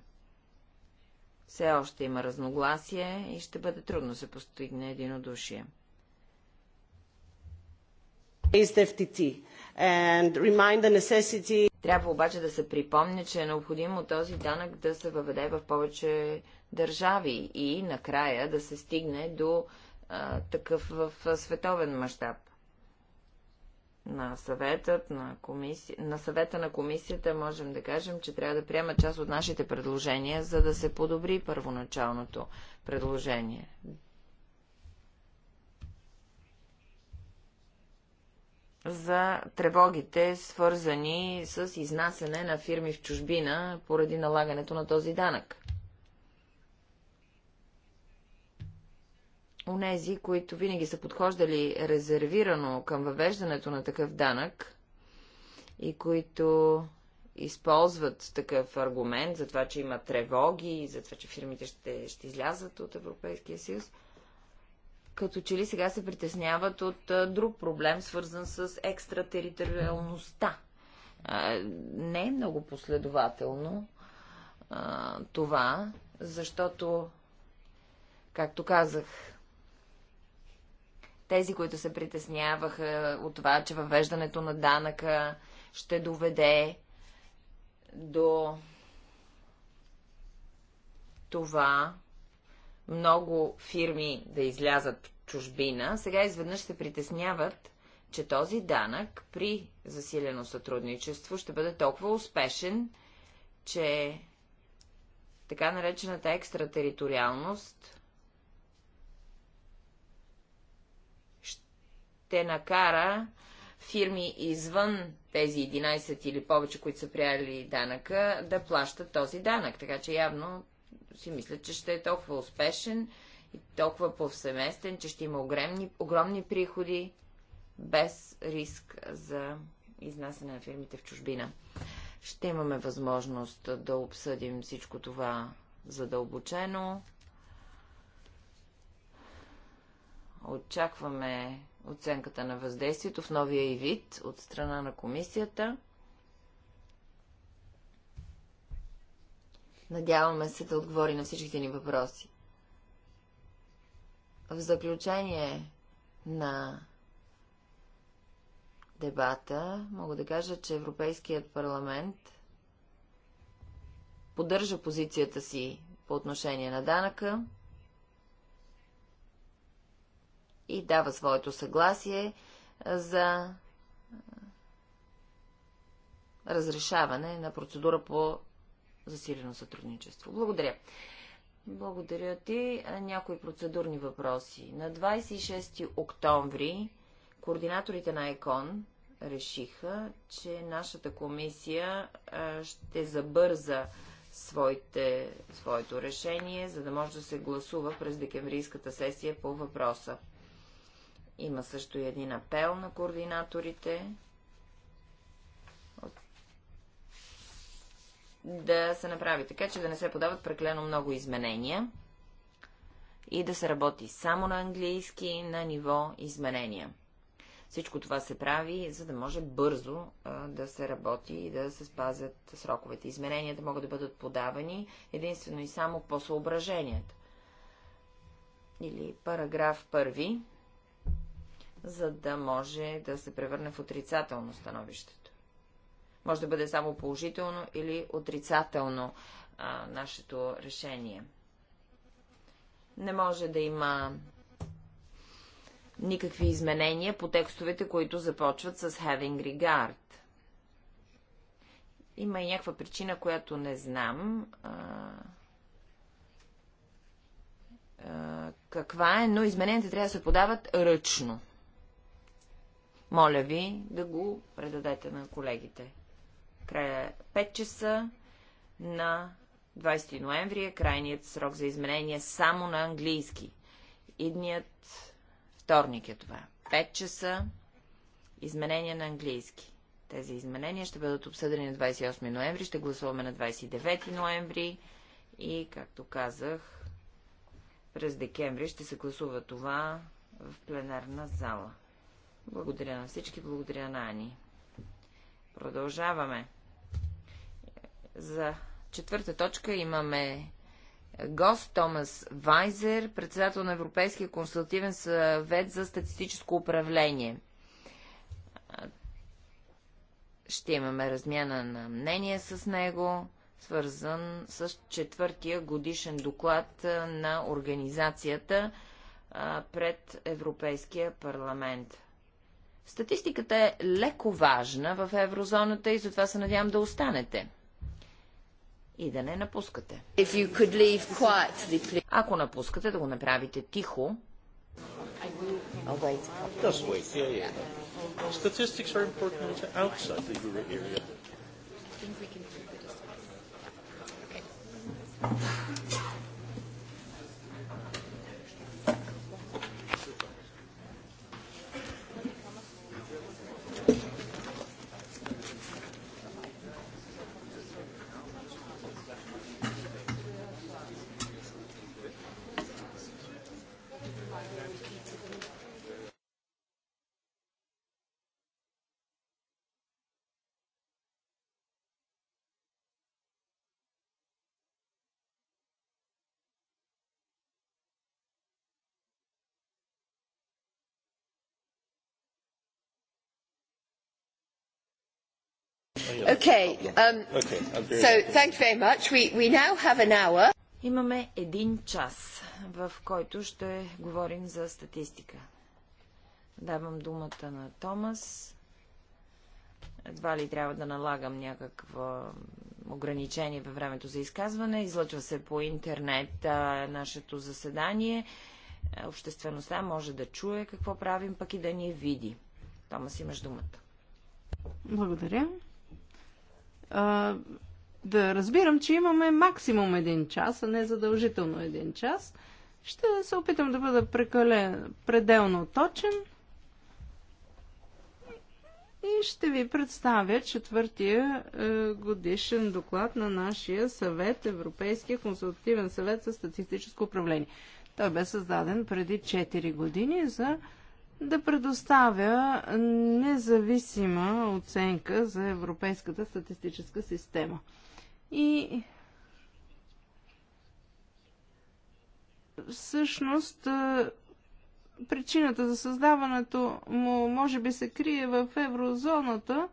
Все още има разногласие и ще бъде трудно се постигне единодушие. Is the трябва обаче да се припомня, че е необходимо този данък да се въведе в повече държави и накрая да се стигне до а, такъв в световен мащаб. На, съветът, на, комиси... на съвета на комисията можем да кажем, че трябва да приема част от нашите предложения, за да се подобри първоначалното предложение. за тревогите, свързани с изнасяне на фирми в чужбина поради налагането на този данък. Унези, които винаги са подхождали резервирано към въвеждането на такъв данък и които използват такъв аргумент за това, че има тревоги, за това, че фирмите ще, ще излязат от Европейския съюз – като че ли сега се притесняват от друг проблем, свързан с екстратериториалността. Не е много последователно това, защото, както казах, тези, които се притесняваха от това, че въвеждането на данъка ще доведе до това, много фирми да излязат чужбина, сега изведнъж се притесняват, че този данък при засилено сътрудничество ще бъде толкова успешен, че така наречената екстратериториалност ще накара фирми извън тези 11 или повече, които са прияли данъка, да плащат този данък. Така че явно си мисля, че ще е толкова успешен и толкова повсеместен, че ще има огромни, огромни приходи без риск за изнасяне на фирмите в чужбина. Ще имаме възможност да обсъдим всичко това задълбочено. Очакваме оценката на въздействието в новия и вид от страна на комисията. Надяваме се да отговори на всичките ни въпроси. В заключение на дебата мога да кажа, че Европейският парламент поддържа позицията си по отношение на данъка и дава своето съгласие за разрешаване на процедура по засилено сътрудничество. Благодаря. Благодаря ти. Някои процедурни въпроси. На 26 октомври координаторите на ЕКОН решиха, че нашата комисия ще забърза своите, своето решение, за да може да се гласува през декемврийската сесия по въпроса. Има също и един апел на координаторите да се направи така, че да не се подават преклено много изменения и да се работи само на английски на ниво изменения. Всичко това се прави, за да може бързо а, да се работи и да се спазят сроковете. Измененията могат да бъдат подавани единствено и само по съображението. Или параграф първи, за да може да се превърне в отрицателно становище може да бъде само положително или отрицателно а, нашето решение. Не може да има никакви изменения по текстовете, които започват с having regard. Има и някаква причина, която не знам а, а, каква е, но измененията трябва да се подават ръчно. Моля ви да го предадете на колегите. Края 5 часа на 20 ноември е крайният срок за изменение само на английски. Идният вторник е това. 5 часа изменение на английски. Тези изменения ще бъдат обсъдени на 28 ноември, ще гласуваме на 29 ноември и, както казах, през декември ще се гласува това в пленарна зала. Благодаря на всички, благодаря на Ани. Продължаваме. За четвърта точка имаме гост Томас Вайзер, председател на Европейския консултативен съвет за статистическо управление. Ще имаме размяна на мнение с него, свързан с четвъртия годишен доклад на организацията пред Европейския парламент. Статистиката е леко важна в еврозоната и затова се надявам да останете и да не напускате. Ако напускате, да го направите тихо. Okay. Um, so, thank you very much. We, we now have an hour. Имаме един час, в който ще говорим за статистика. Давам думата на Томас. Едва ли трябва да налагам някакво ограничение във времето за изказване. Излъчва се по интернет а, нашето заседание. Обществеността може да чуе какво правим, пък и да ни види. Томас, имаш думата. Благодаря а, да разбирам, че имаме максимум един час, а не задължително един час. Ще се опитам да бъда прекален, пределно точен и ще ви представя четвъртия е, годишен доклад на нашия съвет, Европейския консултативен съвет за статистическо управление. Той бе създаден преди 4 години за да предоставя независима оценка за Европейската статистическа система. И всъщност причината за създаването му може би се крие в еврозоната,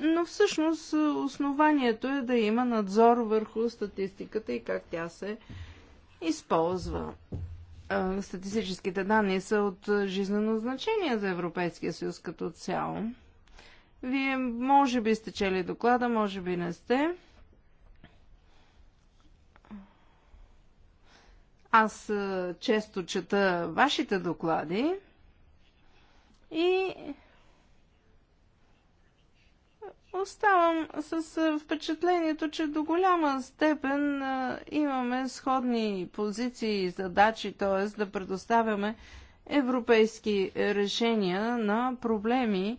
но всъщност основанието е да има надзор върху статистиката и как тя се използва статистическите данни са от жизнено значение за Европейския съюз като цяло. Вие може би сте чели доклада, може би не сте. Аз често чета вашите доклади и Оставам с е, впечатлението, че до голяма степен е, имаме сходни позиции и задачи, т.е. да предоставяме европейски решения на проблеми,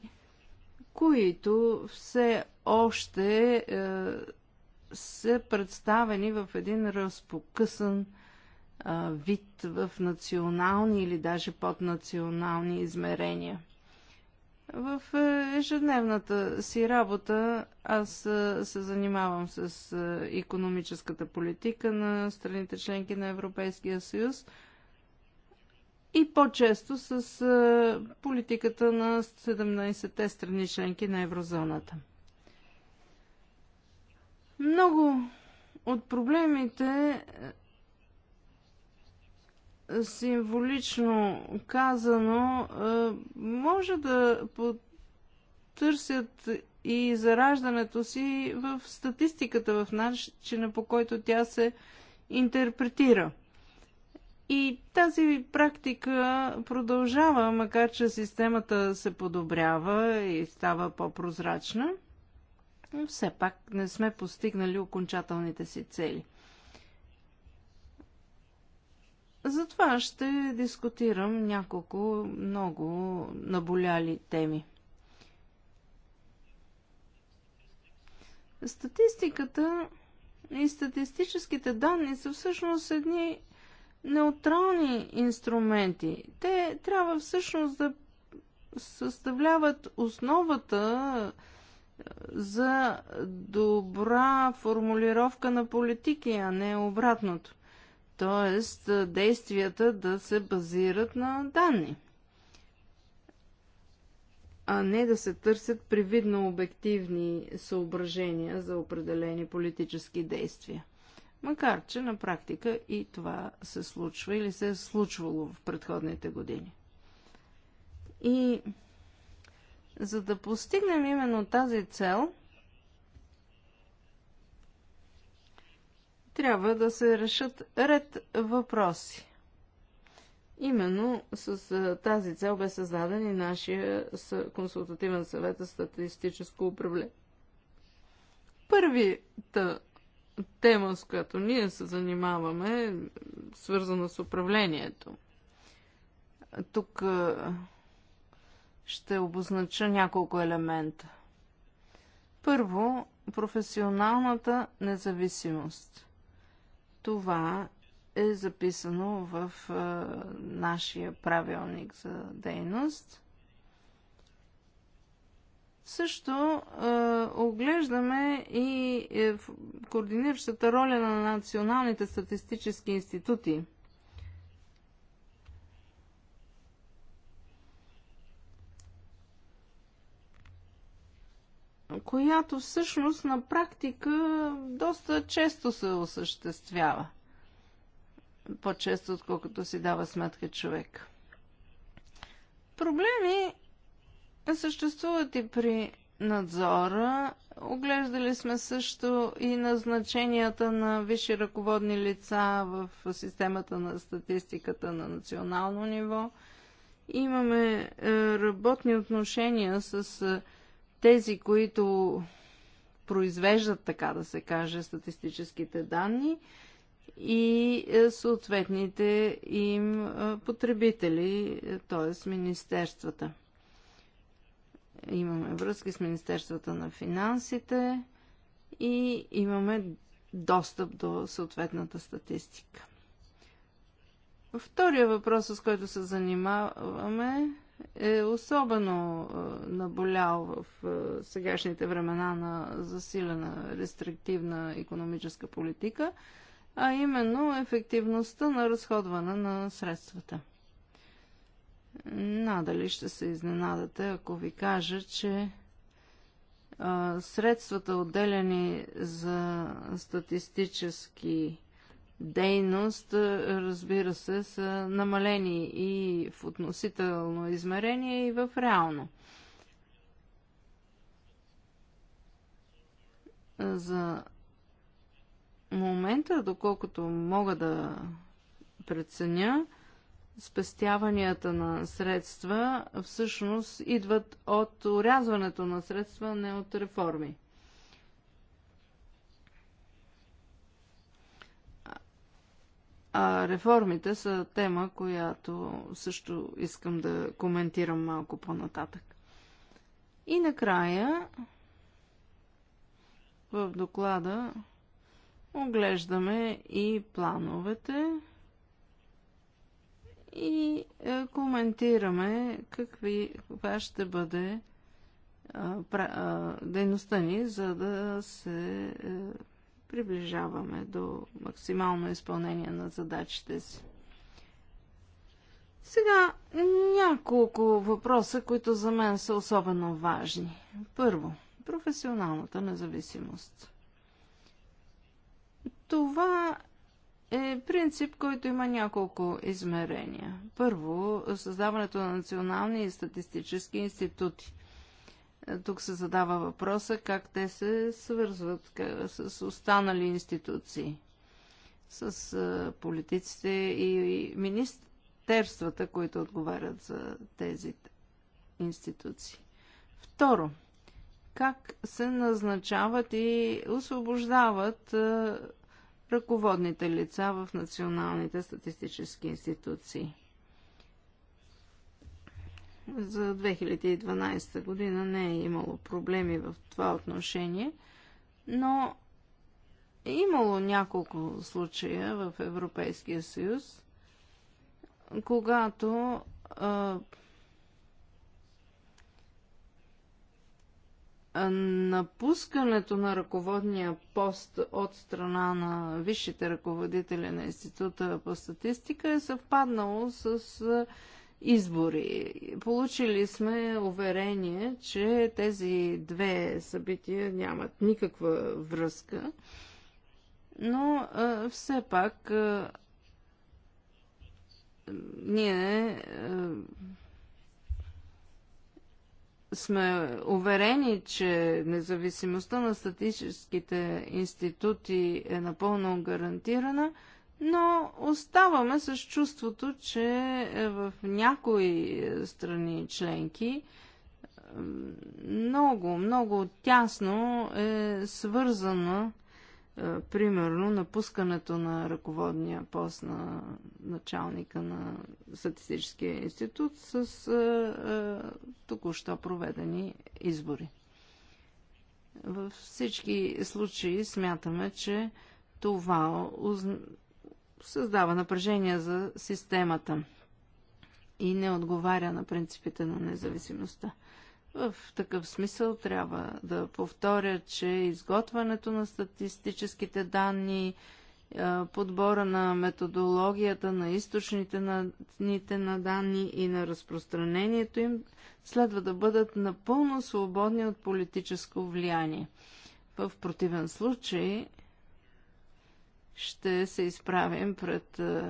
които все още е, са представени в един разпокъсан вид в национални или даже поднационални измерения. В е, ежедневната си работа аз е, се занимавам с економическата политика на страните членки на Европейския съюз и по-често с е, политиката на 17-те страни членки на еврозоната. Много от проблемите символично казано, е, може да потърсят и зараждането си в статистиката, в начина по който тя се интерпретира. И тази практика продължава, макар че системата се подобрява и става по-прозрачна, но все пак не сме постигнали окончателните си цели. Затова ще дискутирам няколко много наболяли теми. Статистиката и статистическите данни са всъщност едни неутрални инструменти. Те трябва всъщност да съставляват основата е, за добра формулировка на политики, а не обратното. Т.е. действията да се базират на данни, а не да се търсят привидно обективни съображения за определени политически действия. Макар, че на практика и това се случва или се е случвало в предходните години. И за да постигнем именно тази цел, трябва да се решат ред въпроси. Именно с тази цел бе създаден и нашия консултативен съвет за статистическо управление. Първата тема, с която ние се занимаваме, е свързана с управлението. Тук ще обознача няколко елемента. Първо, професионалната независимост. Това е записано в нашия правилник за дейност. Също а, оглеждаме и е, координиращата роля на националните статистически институти – която всъщност на практика доста често се осъществява. По-често, отколкото си дава сметка човек. Проблеми съществуват и при надзора. Оглеждали сме също и назначенията на висши ръководни лица в системата на статистиката на национално ниво. Имаме е, работни отношения с е, тези, които произвеждат, така да се каже, статистическите данни и е, съответните им е, потребители, е, т.е. министерствата. Имаме връзки с Министерствата на финансите и имаме достъп до съответната статистика. Втория въпрос, с който се занимаваме, е особено е, наболял в е, сегашните времена на засилена рестриктивна економическа политика, а именно ефективността на разходване на средствата. Надали ще се изненадате, ако ви кажа, че е, средствата отделени за статистически дейност, разбира се, са намалени и в относително измерение, и в реално. За момента, доколкото мога да преценя, спестяванията на средства всъщност идват от урязването на средства, не от реформи. А реформите са тема, която също искам да коментирам малко по-нататък. И накрая в доклада оглеждаме и плановете и е, коментираме какви, каква ще бъде дейността ни, за да се е, приближаваме до максимално изпълнение на задачите си. Сега няколко въпроса, които за мен са особено важни. Първо, професионалната независимост. Това е принцип, който има няколко измерения. Първо, създаването на национални и статистически институти. Тук се задава въпроса как те се свързват с останали институции, с политиците и министерствата, които отговарят за тези институции. Второ, как се назначават и освобождават ръководните лица в националните статистически институции. За 2012 година не е имало проблеми в това отношение, но е имало няколко случая в Европейския съюз, когато напускането на ръководния пост от страна на висшите ръководители на Института по статистика е съвпаднало с избори. Получили сме уверение, че тези две събития нямат никаква връзка, но а, все пак а, ние а, сме уверени, че независимостта на статистическите институти е напълно гарантирана но оставаме с чувството, че е, в някои е, страни членки е, много, много тясно е свързано примерно напускането на ръководния пост на началника на статистическия институт с току-що проведени избори. Във всички случаи смятаме, че това създава напрежение за системата и не отговаря на принципите на независимостта. В такъв смисъл трябва да повторя, че изготвянето на статистическите данни, е, подбора на методологията, на източните на, на данни и на разпространението им следва да бъдат напълно свободни от политическо влияние. В противен случай ще се изправим пред е,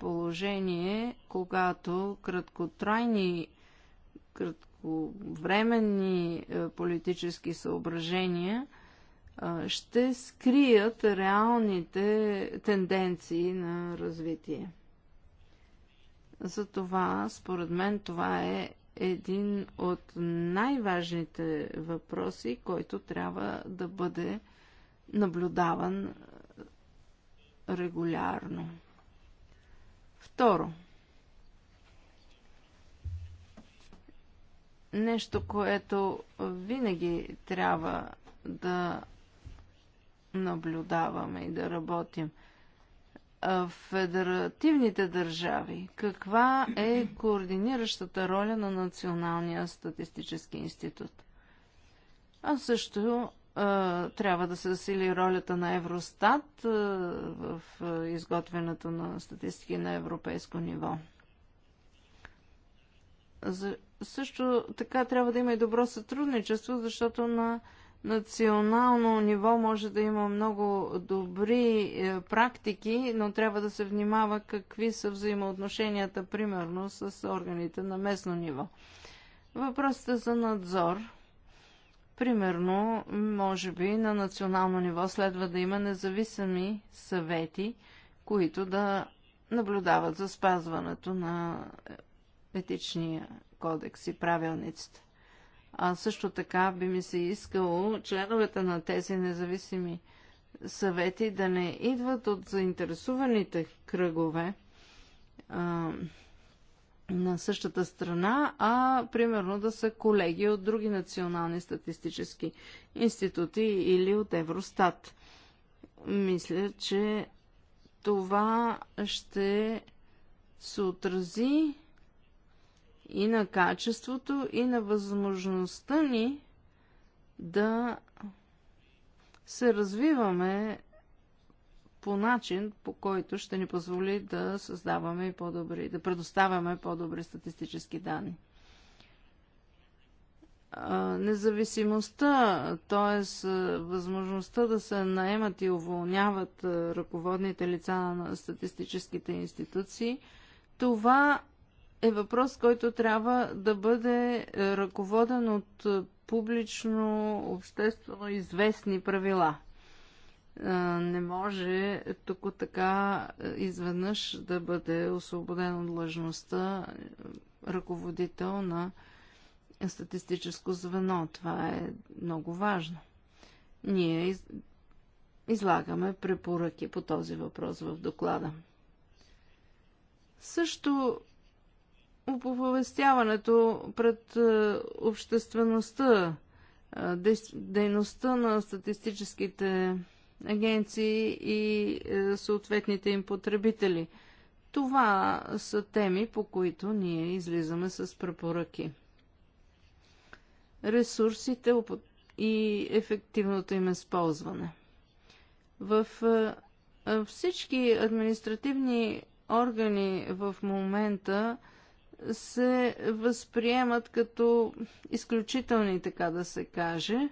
положение, когато краткотрайни, кратковременни е, политически съображения е, ще скрият реалните тенденции на развитие. Затова, според мен, това е един от най-важните въпроси, който трябва да бъде наблюдаван регулярно. Второ. Нещо, което винаги трябва да наблюдаваме и да работим. В федеративните държави, каква е координиращата роля на Националния статистически институт? А също трябва да се засили ролята на Евростат в изготвянето на статистики на европейско ниво. За, също така трябва да има и добро сътрудничество, защото на национално ниво може да има много добри е, практики, но трябва да се внимава какви са взаимоотношенията, примерно, с органите на местно ниво. Въпросът е за надзор – Примерно, може би на национално ниво следва да има независими съвети, които да наблюдават за спазването на етичния кодекс и правилниците. А също така би ми се искало членовете на тези независими съвети да не идват от заинтересуваните кръгове, на същата страна, а примерно да са колеги от други национални статистически институти или от Евростат. Мисля, че това ще се отрази и на качеството, и на възможността ни да се развиваме по начин, по който ще ни позволи да създаваме и по-добри, да предоставяме по-добри статистически данни. Независимостта, т.е. възможността да се наемат и уволняват ръководните лица на статистическите институции, това е въпрос, който трябва да бъде е, ръководен от публично, обществено известни правила – не може тук така изведнъж да бъде освободен от длъжността ръководител на статистическо звено. Това е много важно. Ние излагаме препоръки по този въпрос в доклада. Също оповестяването пред обществеността, дейността на статистическите агенции и е, съответните им потребители. Това са теми, по които ние излизаме с препоръки. Ресурсите и ефективното им използване. В е, е, всички административни органи в момента се възприемат като изключителни, така да се каже,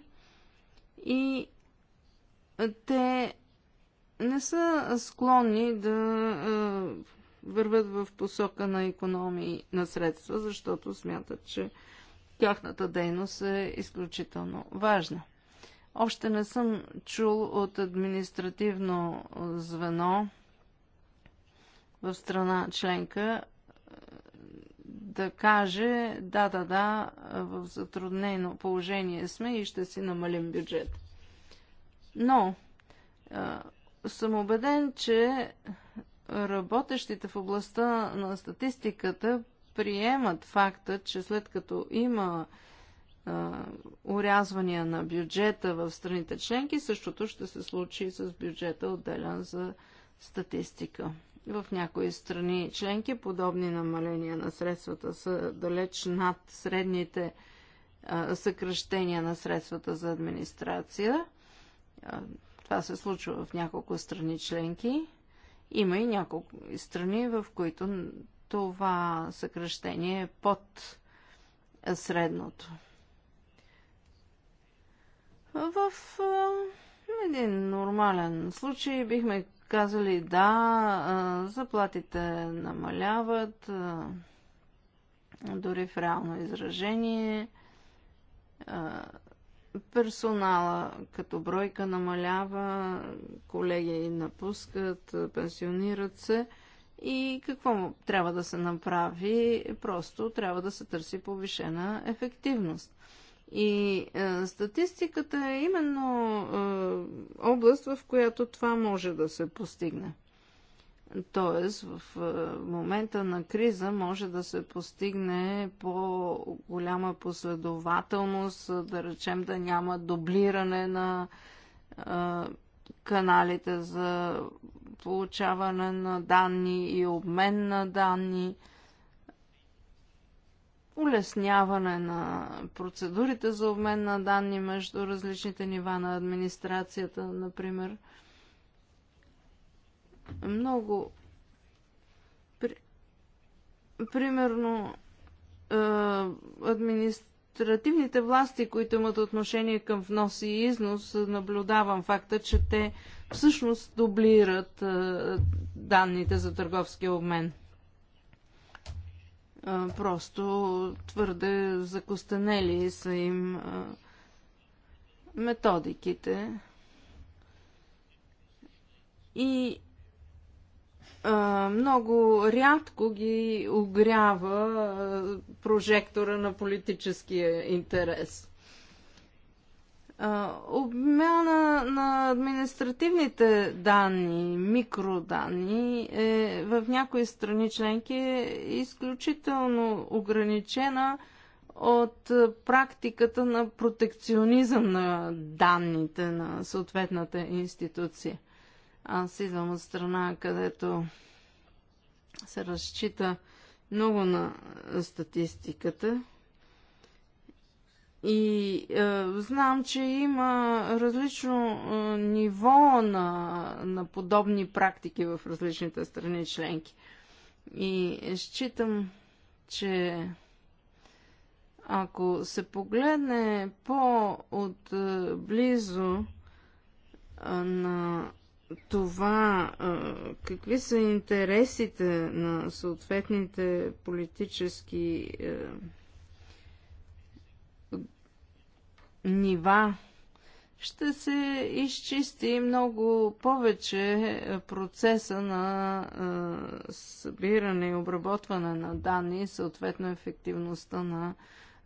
и те не са склонни да е, върват в посока на економии на средства, защото смятат, че тяхната дейност е изключително важна. Още не съм чул от административно звено в страна членка е, да каже да, да, да, в затруднено положение сме и ще си намалим бюджет. Но а, съм убеден, че работещите в областта на статистиката приемат факта, че след като има а, урязвания на бюджета в страните членки, същото ще се случи и с бюджета отделен за статистика. В някои страни членки подобни намаления на средствата са далеч над средните съкръщения на средствата за администрация. Това се случва в няколко страни членки. Има и няколко страни, в които това съкръщение е под средното. В един нормален случай бихме казали да, заплатите намаляват, дори в реално изражение Персонала като бройка намалява, колеги напускат, пенсионират се. И какво трябва да се направи? Просто трябва да се търси повишена ефективност. И е, статистиката е именно е, област, в която това може да се постигне. Тоест, в е, момента на криза може да се постигне по-голяма последователност, е, да речем да няма дублиране на е, каналите за получаване на данни и обмен на данни, улесняване на процедурите за обмен на данни между различните нива на администрацията, например – много. При... Примерно, е, административните власти, които имат отношение към внос и износ, наблюдавам факта, че те всъщност дублират е, данните за търговския обмен. Е, просто твърде закостенели са им е, методиките. И много рядко ги огрява прожектора на политическия интерес. Обмяна на административните данни, микроданни е, в някои страни членки е изключително ограничена от практиката на протекционизъм на данните на съответната институция. Аз идвам от страна, където се разчита много на статистиката. И е, знам, че има различно е, ниво на, на подобни практики в различните страни членки. И считам, че ако се погледне по-отблизо е, на това какви са интересите на съответните политически нива, ще се изчисти много повече процеса на събиране и обработване на данни и съответно ефективността на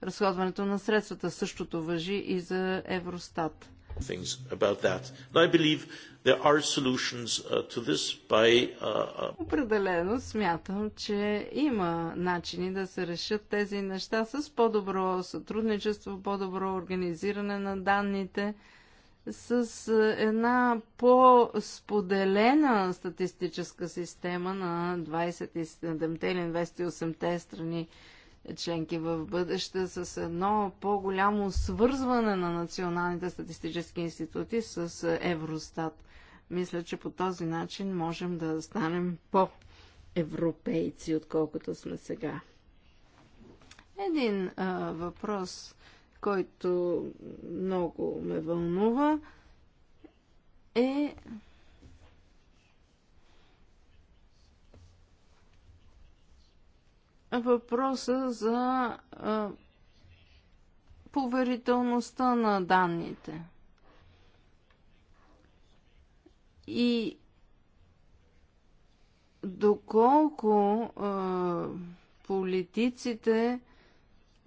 разходването на средствата. Същото въжи и за Евростат things about that. And I believe there are solutions uh, to this by... Uh, uh, Определено смятам, че има начини да се решат тези неща с по-добро сътрудничество, по-добро организиране на данните, с е, една по-споделена статистическа система на 27-те или 28-те страни членки в бъдеще с едно по-голямо свързване на националните статистически институти с Евростат. Мисля, че по този начин можем да станем по-европейци, отколкото сме сега. Един а, въпрос, който много ме вълнува, е въпроса за а, поверителността на данните. И доколко а, политиците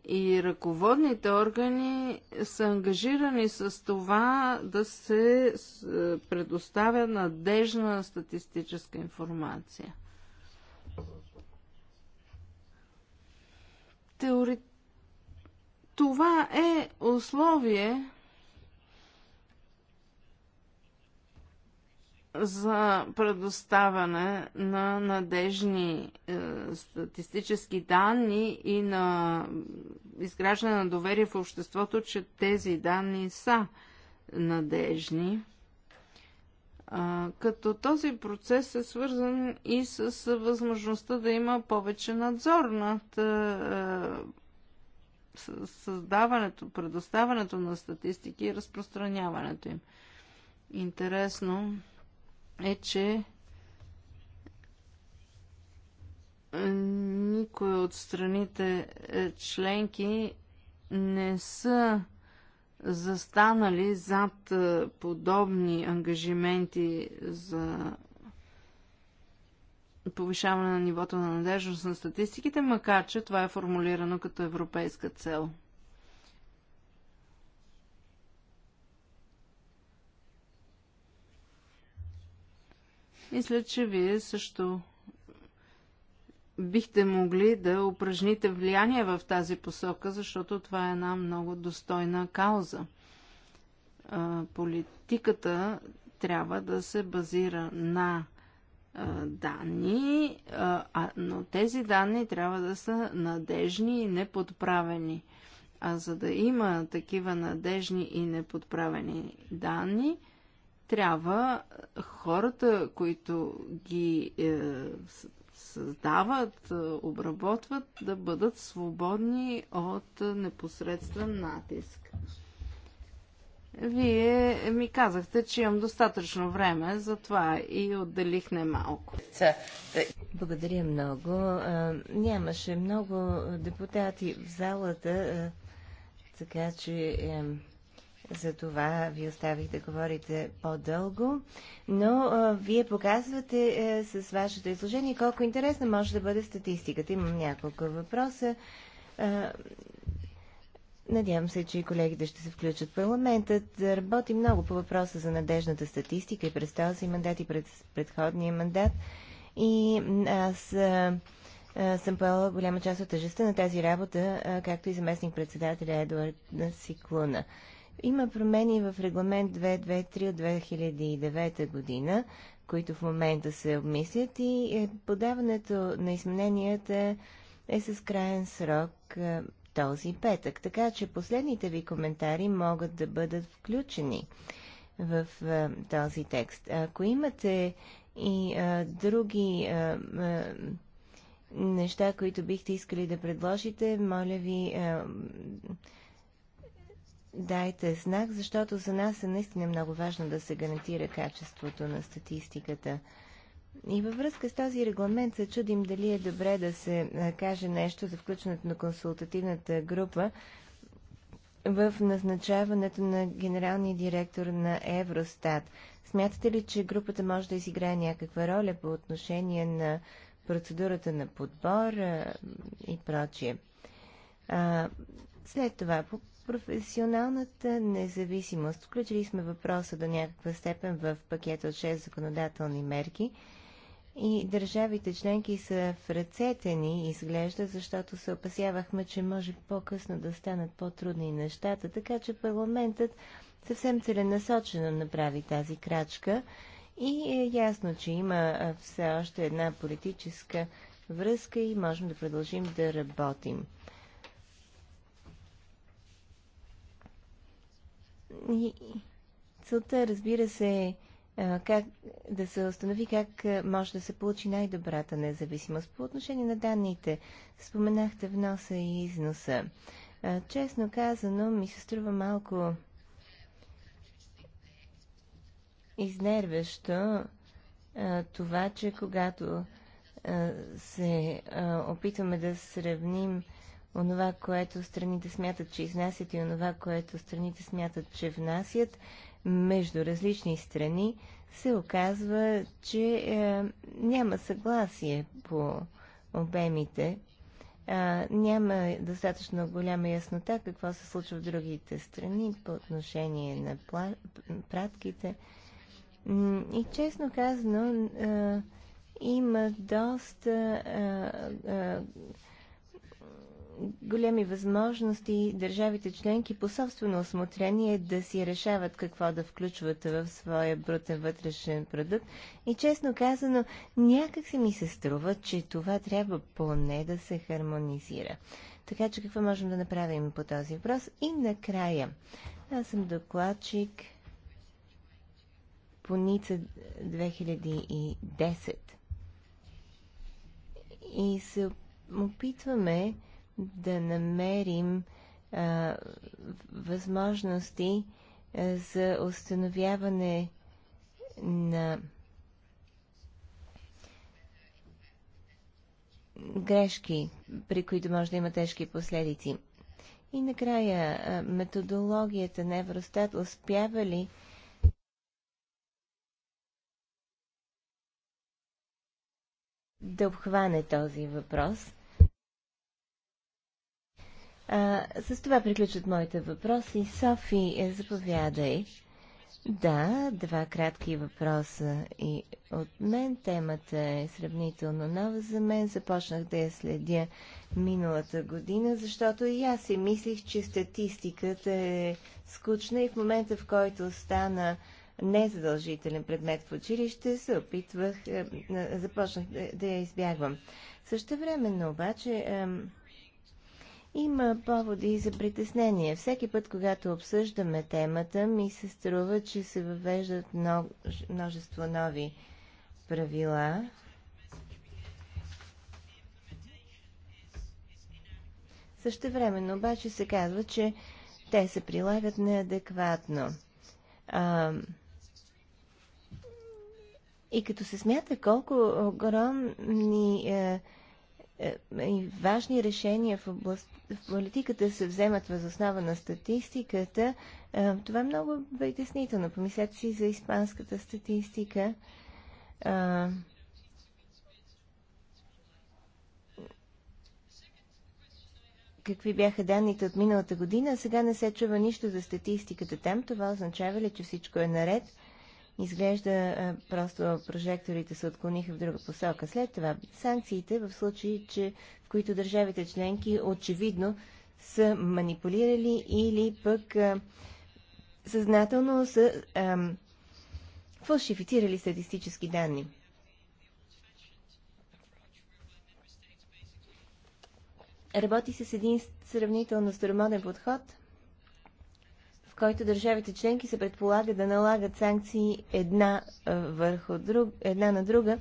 и ръководните органи са ангажирани с това да се предоставя надежна статистическа информация. Теори... Това е условие за предоставяне на надежни е, статистически данни и на изграждане на доверие в обществото, че тези данни са надежни като този процес е свързан и с възможността да има повече надзор над създаването, предоставането на статистики и разпространяването им. Интересно е, че е, никой от страните е, членки не са застанали зад е, подобни ангажименти за повишаване на нивото на надежност на статистиките, макар че това е формулирано като европейска цел. Мисля, че вие също бихте могли да упражните влияние в тази посока, защото това е една много достойна кауза. Политиката трябва да се базира на данни, но тези данни трябва да са надежни и неподправени. А за да има такива надежни и неподправени данни, трябва хората, които ги е, създават, е, обработват, да бъдат свободни от непосредствен натиск. Вие ми казахте, че имам достатъчно време, затова и отделих немалко. Благодаря много. Нямаше много депутати в залата, така че за това ви оставих да говорите по-дълго, но а, вие показвате а, е, с вашето изложение колко интересна може да бъде статистиката. Имам няколко въпроса. А, надявам се, че и колегите ще се включат в парламентът. Да работи много по въпроса за надежната статистика и през този мандат и през предходния мандат. И аз а, а, съм поела голяма част от тъжеста на тази работа, а, както и заместник председателя Едуард Сиклуна. Има промени в регламент 223 от 2009 година, които в момента се обмислят и е, подаването на измененията е с краен срок е, този петък. Така че последните ви коментари могат да бъдат включени в е, този текст. Ако имате и а, други а, а, неща, които бихте искали да предложите, моля ви, а, дайте знак, защото за нас е наистина много важно да се гарантира качеството на статистиката. И във връзка с този регламент се чудим дали е добре да се каже нещо за включването на консултативната група в назначаването на генералния директор на Евростат. Смятате ли, че групата може да изиграе някаква роля по отношение на процедурата на подбор и прочие? след това, по професионалната независимост. Включили сме въпроса до някаква степен в пакет от 6 законодателни мерки и държавите членки са в ръцете ни, изглежда, защото се опасявахме, че може по-късно да станат по-трудни нещата, така че парламентът съвсем целенасочено направи тази крачка и е ясно, че има все още една политическа връзка и можем да продължим да работим. И целта, разбира се, как да се установи как може да се получи най-добрата независимост. По отношение на данните, споменахте вноса и износа. Честно казано, ми се струва малко изнервящо това, че когато се опитваме да сравним онова, което страните смятат, че изнасят и онова, което страните смятат, че внасят между различни страни, се оказва, че е, няма съгласие по обемите, е, няма достатъчно голяма яснота какво се случва в другите страни по отношение на пла... пратките. И честно казано, е, има доста. Е, е, големи възможности държавите членки по собствено осмотрение да си решават какво да включват в своя брутен вътрешен продукт. И честно казано, някак се ми се струва, че това трябва поне да се хармонизира. Така че какво можем да направим по този въпрос? И накрая, аз съм докладчик по НИЦА 2010. И се опитваме да намерим а, възможности а, за установяване на грешки, при които може да има тежки последици. И накрая, а, методологията на Евростат успява ли да обхване този въпрос? А, с това приключват моите въпроси. Софи, е, заповядай. Да, два кратки въпроса и от мен. Темата е сравнително нова за мен. Започнах да я следя миналата година, защото и аз си мислих, че статистиката е скучна и в момента, в който стана незадължителен предмет в училище, се опитвах, е, започнах да, я избягвам. Също времено обаче има поводи за притеснение. Всеки път, когато обсъждаме темата, ми се струва, че се въвеждат множество нови правила. Също но обаче се казва, че те се прилагат неадекватно. А, и като се смята колко огромни е, е, и важни решения в, област, в политиката се вземат въз основа на статистиката. Е, това е много притеснително. Помислете си за испанската статистика. Е, какви бяха данните от миналата година? Сега не се чува нищо за статистиката там. Това означава ли, че всичко е наред? Изглежда просто прожекторите се отклониха в друга посока. След това санкциите в случаи, че, в които държавите членки очевидно са манипулирали или пък а, съзнателно са а, фалшифицирали статистически данни. Работи се с един сравнително старомоден подход – който държавите членки се предполага да налагат санкции една, върху друг, една на друга,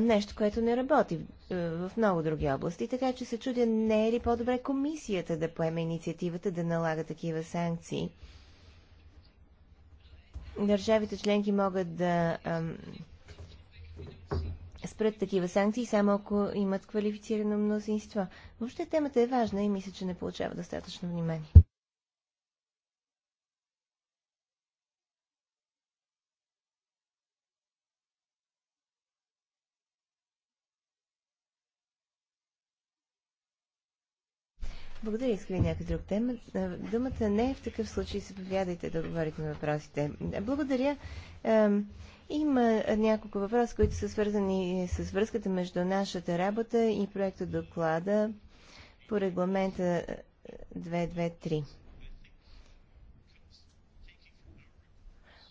нещо, което не работи в много други области. Така че се чудя, не е ли по-добре комисията да поеме инициативата да налага такива санкции? Държавите членки могат да ам, спрат такива санкции, само ако имат квалифицирано мнозинство. Въобще темата е важна и мисля, че не получава достатъчно внимание. Благодаря. Иска ли някой друг тема? Е, думата не е в такъв случай. Заповядайте да говорите на въпросите. Е, благодаря. Има няколко въпроса, които са свързани е, с връзката между нашата работа и проекта доклада по регламента 223.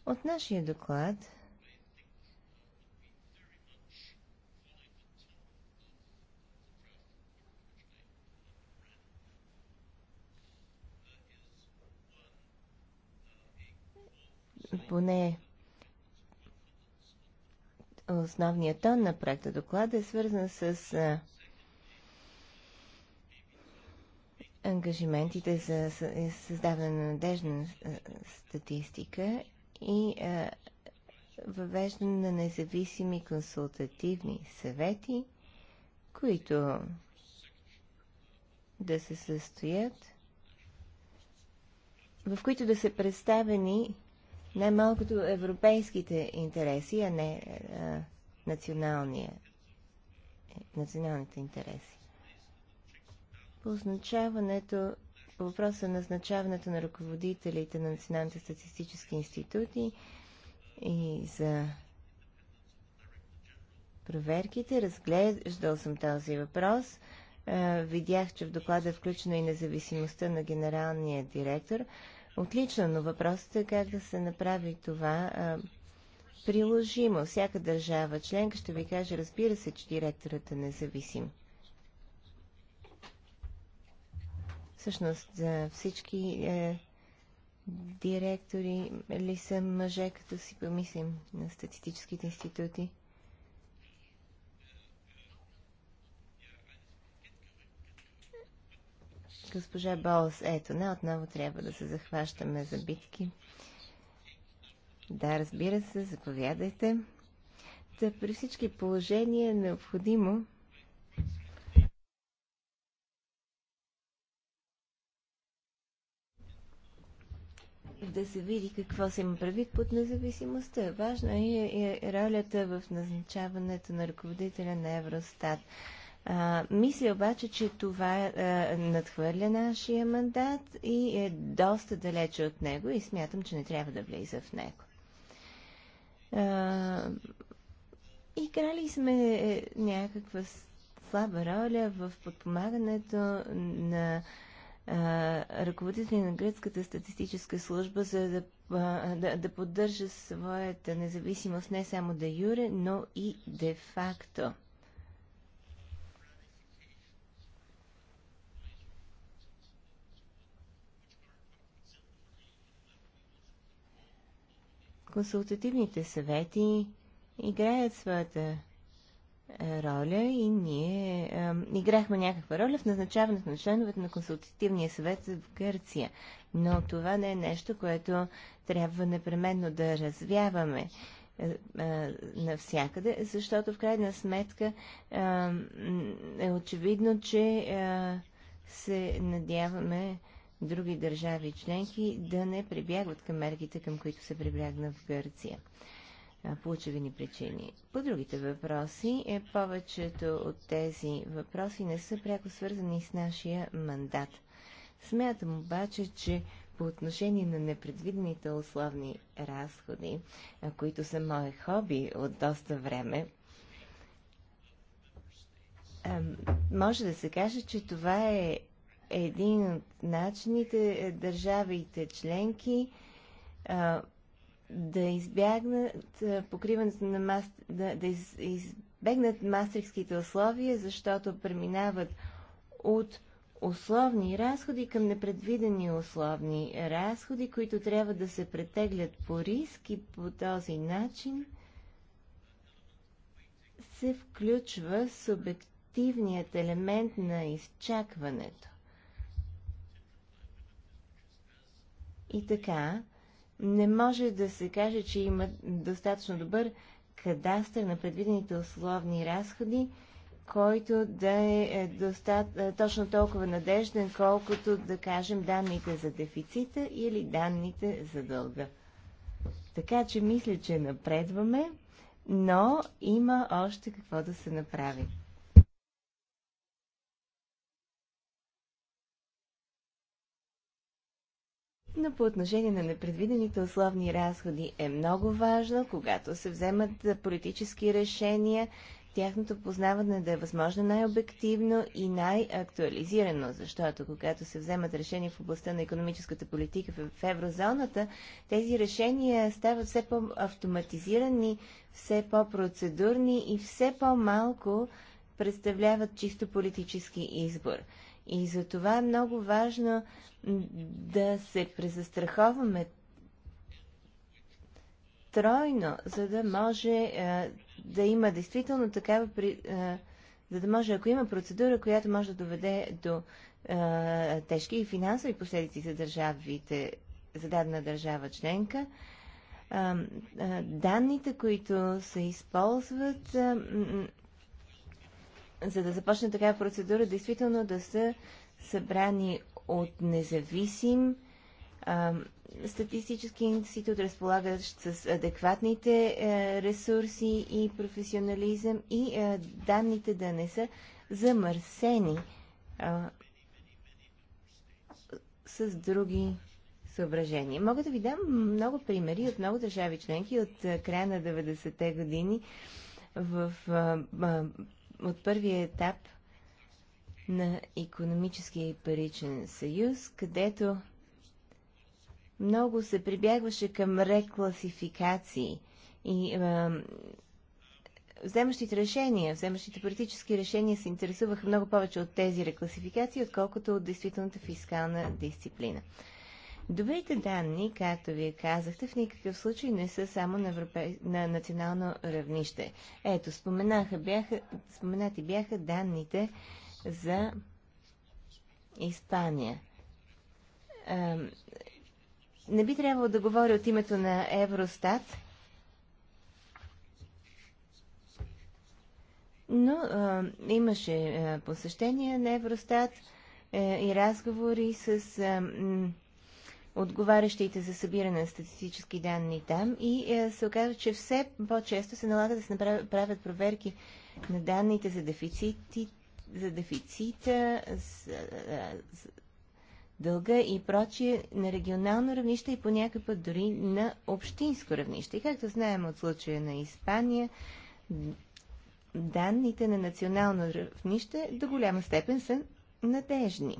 От нашия доклад поне основният тон на проекта доклада е свързан с ангажиментите за създаване на надежна статистика и въвеждане на независими консултативни съвети, които да се състоят, в които да са представени най-малкото европейските интереси, а не а, националния, националните интереси. По означаването, по въпроса на значаването на ръководителите на националните статистически институти и за проверките, разглеждал съм този въпрос. Видях, че в доклада е включена и независимостта на генералния директор отлично, но въпросът е как да се направи това а, приложимо. Всяка държава членка ще ви каже, разбира се, че директорът е независим. Всъщност, за всички е, директори ли са мъже, като си помислим на статистическите институти? госпожа Боус, ето, не отново трябва да се захващаме за битки. Да, разбира се, заповядайте. Да, при всички положения е необходимо да се види какво се има правит под независимостта. Важна е, и е, е ролята в назначаването на ръководителя на Евростат. А, мисля обаче, че това а, надхвърля нашия мандат и е доста далече от него и смятам, че не трябва да влиза в него. А, играли сме е, някаква слаба роля в подпомагането на а, ръководители на гръцката статистическа служба, за да, а, да, да поддържа своята независимост не само да юре, но и де факто. консултативните съвети играят своята е, роля и ние а, е, играхме някаква роля в назначаването на членовете на консултативния съвет в Гърция. Но това не е нещо, което трябва непременно да развяваме а, е, навсякъде, защото в крайна сметка а, е очевидно, че а, се надяваме други държави членки да не прибягват към мерките, към които се прибягна в Гърция по очевидни причини. По другите въпроси, е, повечето от тези въпроси не са пряко свързани с нашия мандат. Смятам обаче, че по отношение на непредвидените условни разходи, които са мое хоби от доста време, може да се каже, че това е един от начините е, държавите членки а, да избягнат покриването на мас... да, да из... избегнат мастерските условия, защото преминават от условни разходи към непредвидени условни разходи, които трябва да се претеглят по риск и по този начин се включва субективният елемент на изчакването. И така, не може да се каже, че има достатъчно добър кадастър на предвидените условни разходи, който да е, е достат... Е, точно толкова надежден, колкото да кажем данните за дефицита или данните за дълга. Така че мисля, че напредваме, но има още какво да се направи. но по отношение на непредвидените условни разходи е много важно, когато се вземат политически решения, тяхното познаване да е възможно най-обективно и най-актуализирано, защото когато се вземат решения в областта на економическата политика в еврозоната, тези решения стават все по-автоматизирани, все по-процедурни и все по-малко представляват чисто политически избор. И за това е много важно да се презастраховаме тройно, за да може е, да има действително такава, при, е, за да може, ако има процедура, която може да доведе до е, тежки и финансови последици за държавите, за дадена държава членка, данните, които се използват, за да започне такава процедура, действително да са събрани от независим а, статистически институт, разполагащ с адекватните а, е, ресурси и професионализъм и а, е, данните да не са замърсени а, с други съображения. Мога да ви дам много примери от много държави членки от е, края на 90-те години в а, а, от първия етап на економическия и паричен съюз, където много се прибягваше към рекласификации и е, вземащите решения, вземащите политически решения се интересуваха много повече от тези рекласификации, отколкото от действителната фискална дисциплина. Добрите данни, както вие казахте, в никакъв случай не са само на, европе... на национално равнище. Ето, споменаха бяха... споменати бяха данните за Испания. не би трябвало да говоря от името на Евростат, но а, имаше а, посещение на Евростат а, е, и разговори с. А, отговарящите за събиране на статистически данни там и е, се оказва, че все по-често се налага да се направят, правят проверки на данните за дефицити, за дефицита, за, за е, е, дълга и прочие на регионално равнище и по някакъв път дори на общинско равнище. И както знаем от случая на Испания, данните на национално равнище до голяма степен са надежни.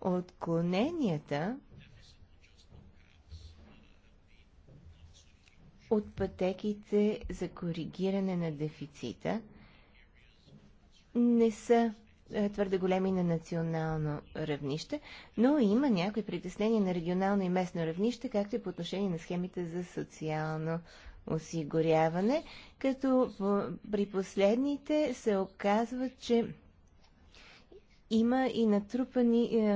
Отклоненията от пътеките за коригиране на дефицита не са е, твърде големи на национално равнище, но има някои притеснения на регионално и местно равнище, както и по отношение на схемите за социално осигуряване, като при последните се оказва, че има и натрупани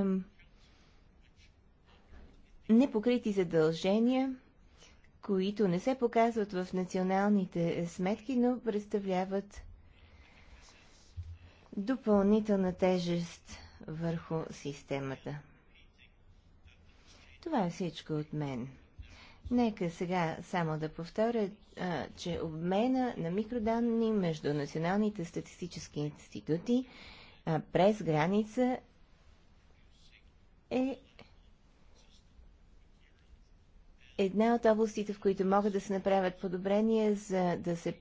непокрити задължения които не се показват в националните сметки, но представляват допълнителна тежест върху системата. Това е всичко от мен. Нека сега само да повторя, че обмена на микроданни между националните статистически институти през граница е една от областите, в които могат да се направят подобрения, за да се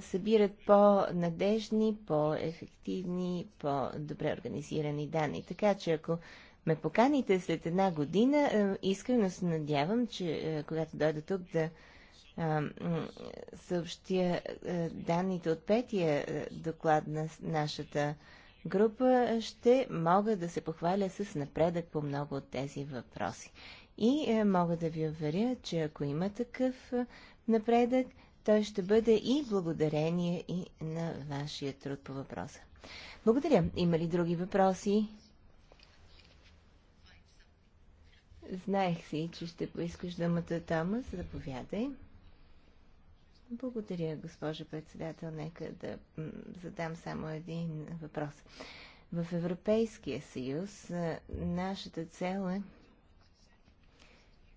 събират по-надежни, по-ефективни, по-добре организирани данни. Така че ако ме поканите след една година, искрено се надявам, че когато дойда тук да съобщя данните от петия доклад на нашата група ще мога да се похваля с напредък по много от тези въпроси. И е, мога да ви уверя, че ако има такъв е, напредък, той ще бъде и благодарение и на вашия труд по въпроса. Благодаря. Има ли други въпроси? Знаех си, че ще поискаш думата, Томас. Заповядай. Благодаря, госпожа председател. Нека да задам само един въпрос. В Европейския съюз нашата цел е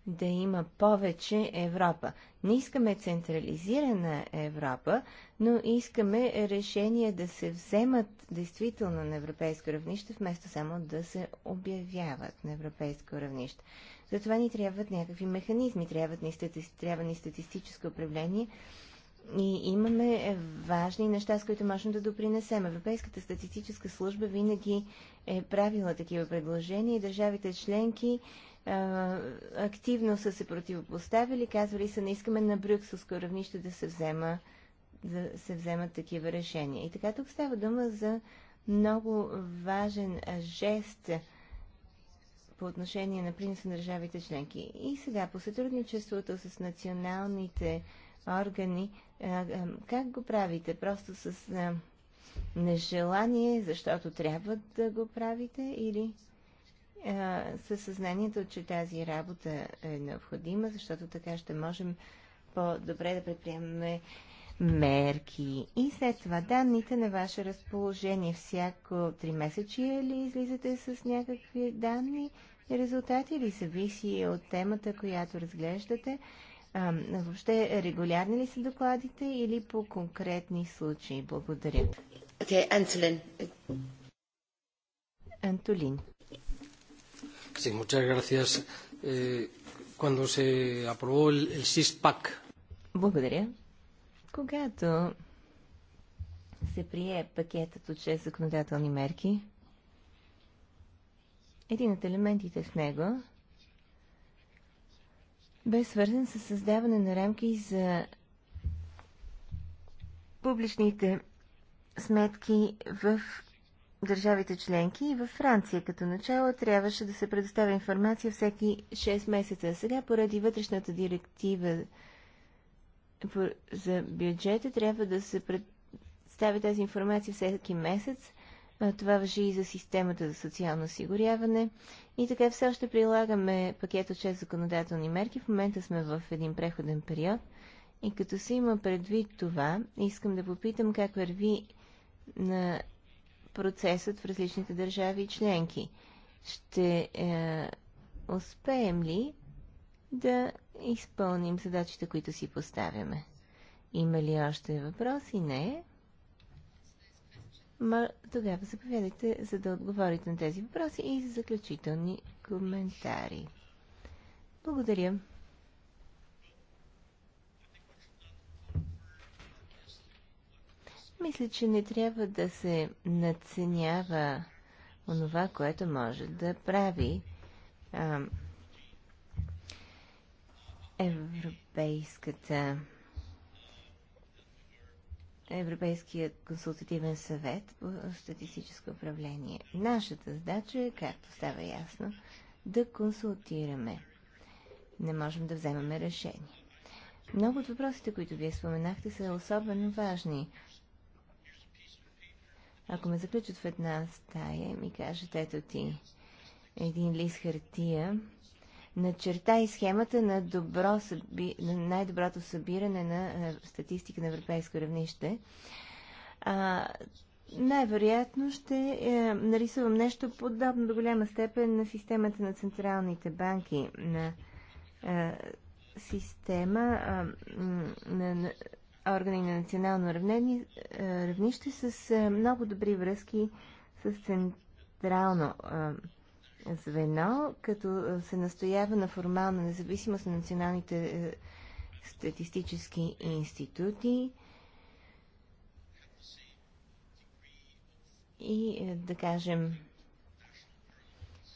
да има повече Европа. Не искаме централизирана Европа, но искаме решения да се вземат действително на европейско равнище, вместо само да се обявяват на европейско равнище. Затова ни трябват някакви механизми, трябва ни, стати... трябва ни статистическо управление и имаме важни неща, с които можем да допринесем. Европейската статистическа служба винаги е правила такива предложения и държавите членки а, активно са се противопоставили, казвали са, не искаме на брюкселско равнище да се взема да се вземат такива решения. И така тук става дума за много важен жест по отношение на приноса на държавите членки. И сега по сътрудничеството с националните органи, как го правите? Просто с нежелание, защото трябва да го правите или със съзнанието, че тази работа е необходима, защото така ще можем по-добре да предприемаме мерки. И след това данните на ваше разположение. Всяко три месечи ли излизате с някакви данни и резултати или зависи от темата, която разглеждате? А, въобще регулярни ли са докладите или по конкретни случаи? Благодаря. okay, Антолин. Антолин. Sí, muchas gracias. Eh, cuando se aprobó el, el SISPAC. Благодаря. Когато се прие пакетът от 6 законодателни мерки, един от елементите в него бе свързан с създаване на рамки за публичните сметки в държавите членки и във Франция като начало трябваше да се предоставя информация всеки 6 месеца. Сега поради вътрешната директива за бюджета трябва да се представи тази информация всеки месец. Това въжи и за системата за социално осигуряване. И така все още прилагаме пакет от 6 законодателни мерки. В момента сме в един преходен период. И като се има предвид това, искам да попитам как върви на процесът в различните държави и членки. Ще е, успеем ли да изпълним задачите, които си поставяме. Има ли още въпроси? Не. Ма, тогава заповядайте, за да отговорите на тези въпроси и за заключителни коментари. Благодаря. Мисля, че не трябва да се надценява онова, което може да прави а, Европейската Европейският консултативен съвет по статистическо управление. Нашата задача е, както става ясно, да консултираме. Не можем да вземаме решение. Много от въпросите, които вие споменахте, са особено важни. Ако ме заключат в една стая и ми кажат, ето ти един лист хартия, начерта и схемата на, добро, на най-доброто събиране на е, статистика на европейско равнище. А, най-вероятно ще е, нарисувам нещо подобно до голяма степен на системата на централните банки, на е, система е, на, на органи на национално равнение, е, равнище с е, много добри връзки с централно е, звено, като се настоява на формална независимост на националните е, статистически институти и, е, да кажем,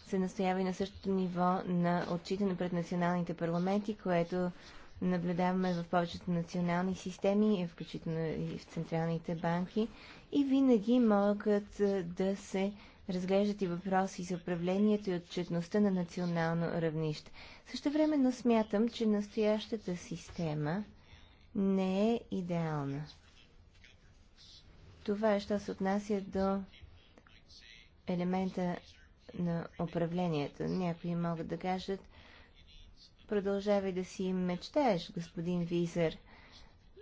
се настоява и на същото ниво на отчитане пред националните парламенти, което наблюдаваме в повечето национални системи, включително и в централните банки, и винаги могат е, да се разглеждат и въпроси за управлението и отчетността на национално равнище. Също времено смятам, че настоящата система не е идеална. Това е, що се отнася до елемента на управлението. Някои могат да кажат, продължавай да си мечтаеш, господин Визър,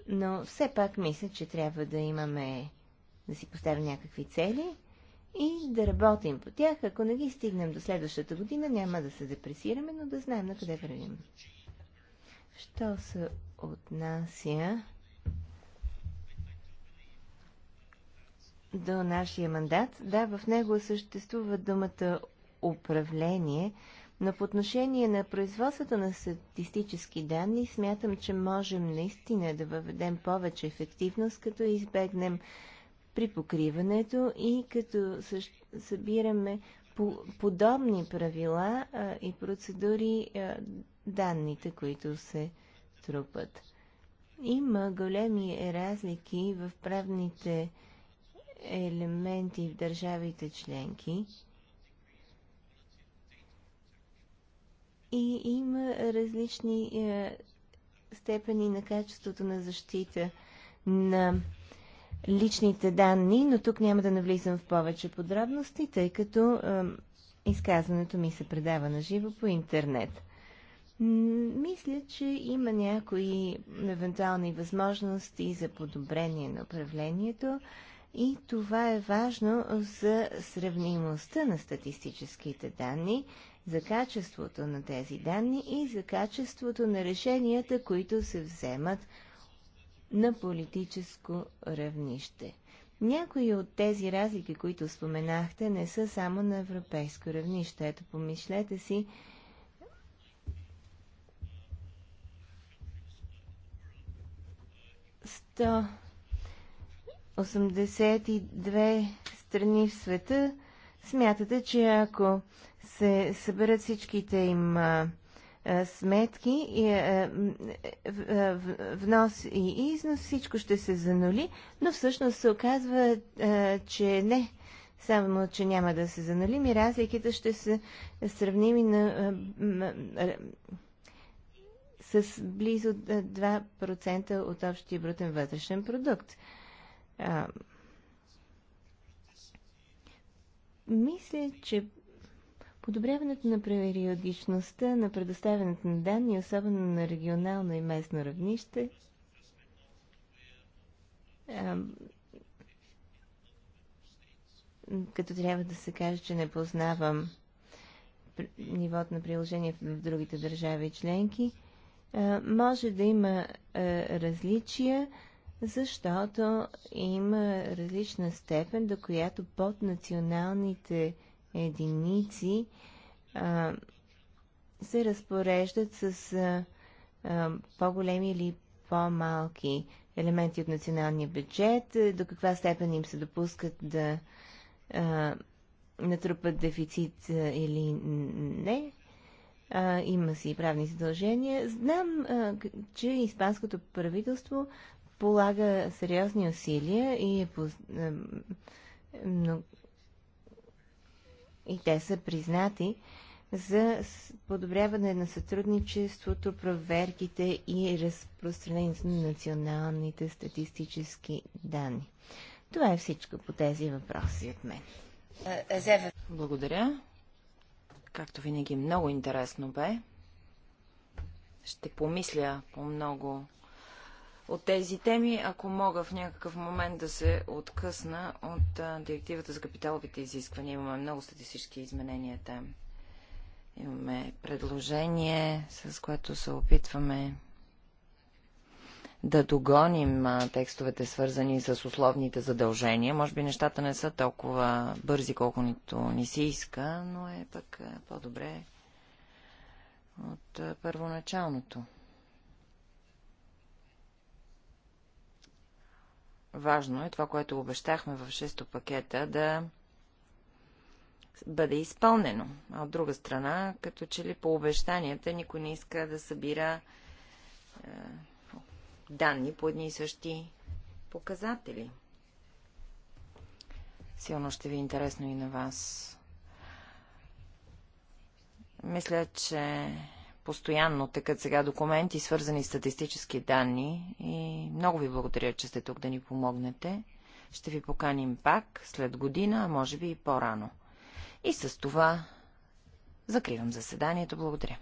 но все пак мисля, че трябва да имаме, да си поставим някакви цели – и да работим по тях. Ако не ги стигнем до следващата година, няма да се депресираме, но да знаем на къде вървим. Що се отнася до нашия мандат, да, в него съществува думата управление, но по отношение на производството на статистически данни, смятам, че можем наистина да въведем повече ефективност, като избегнем при покриването и като събираме по подобни правила а, и процедури а, данните, които се трупат. Има големи разлики в правните елементи в държавите членки. И има различни е, степени на качеството на защита на личните данни, но тук няма да навлизам в повече подробности, тъй като е, изказването ми се предава на живо по интернет. Мисля, че има някои евентуални възможности за подобрение на управлението и това е важно за сравнимостта на статистическите данни, за качеството на тези данни и за качеството на решенията, които се вземат на политическо равнище. Някои от тези разлики, които споменахте, не са само на европейско равнище. Ето, помишлете си сто 82 страни в света смятате, че ако се съберат всичките им е, сметки, е, е, внос и износ, всичко ще се занули, но всъщност се оказва, че не. Само, че няма да се занулим и разликите ще са сравними на, с близо 2% от общия брутен вътрешен продукт. мисля, че Подобряването на периодичността на предоставянето на данни, особено на регионално и местно равнище, като трябва да се каже, че не познавам нивото на приложение в другите държави и членки, може да има различия, защото има различна степен, до която под националните единици а, се разпореждат с а, а, по-големи или по-малки елементи от националния бюджет, до каква степен им се допускат да а, натрупат дефицит а, или не. А, има си и правни задължения. Знам, а, че испанското правителство полага сериозни усилия и е по, а, много, и те са признати за подобряване на сътрудничеството, проверките и разпространението на националните статистически данни. Това е всичко по тези въпроси от мен. Благодаря. Както винаги, много интересно бе. Ще помисля по много от тези теми, ако мога в някакъв момент да се откъсна от директивата за капиталовите изисквания. Имаме много статистически изменения там. Имаме предложение, с което се опитваме да догоним текстовете, свързани с условните задължения. Може би нещата не са толкова бързи, колкото ни се иска, но е пък по-добре от първоначалното. важно е това, което обещахме в 6 пакета, да бъде изпълнено. А от друга страна, като че ли по обещанията никой не иска да събира е, данни по едни и същи показатели. Силно ще ви е интересно и на вас. Мисля, че Постоянно текат сега документи, свързани с статистически данни и много ви благодаря, че сте тук да ни помогнете. Ще ви поканим пак след година, а може би и по-рано. И с това закривам заседанието. Благодаря.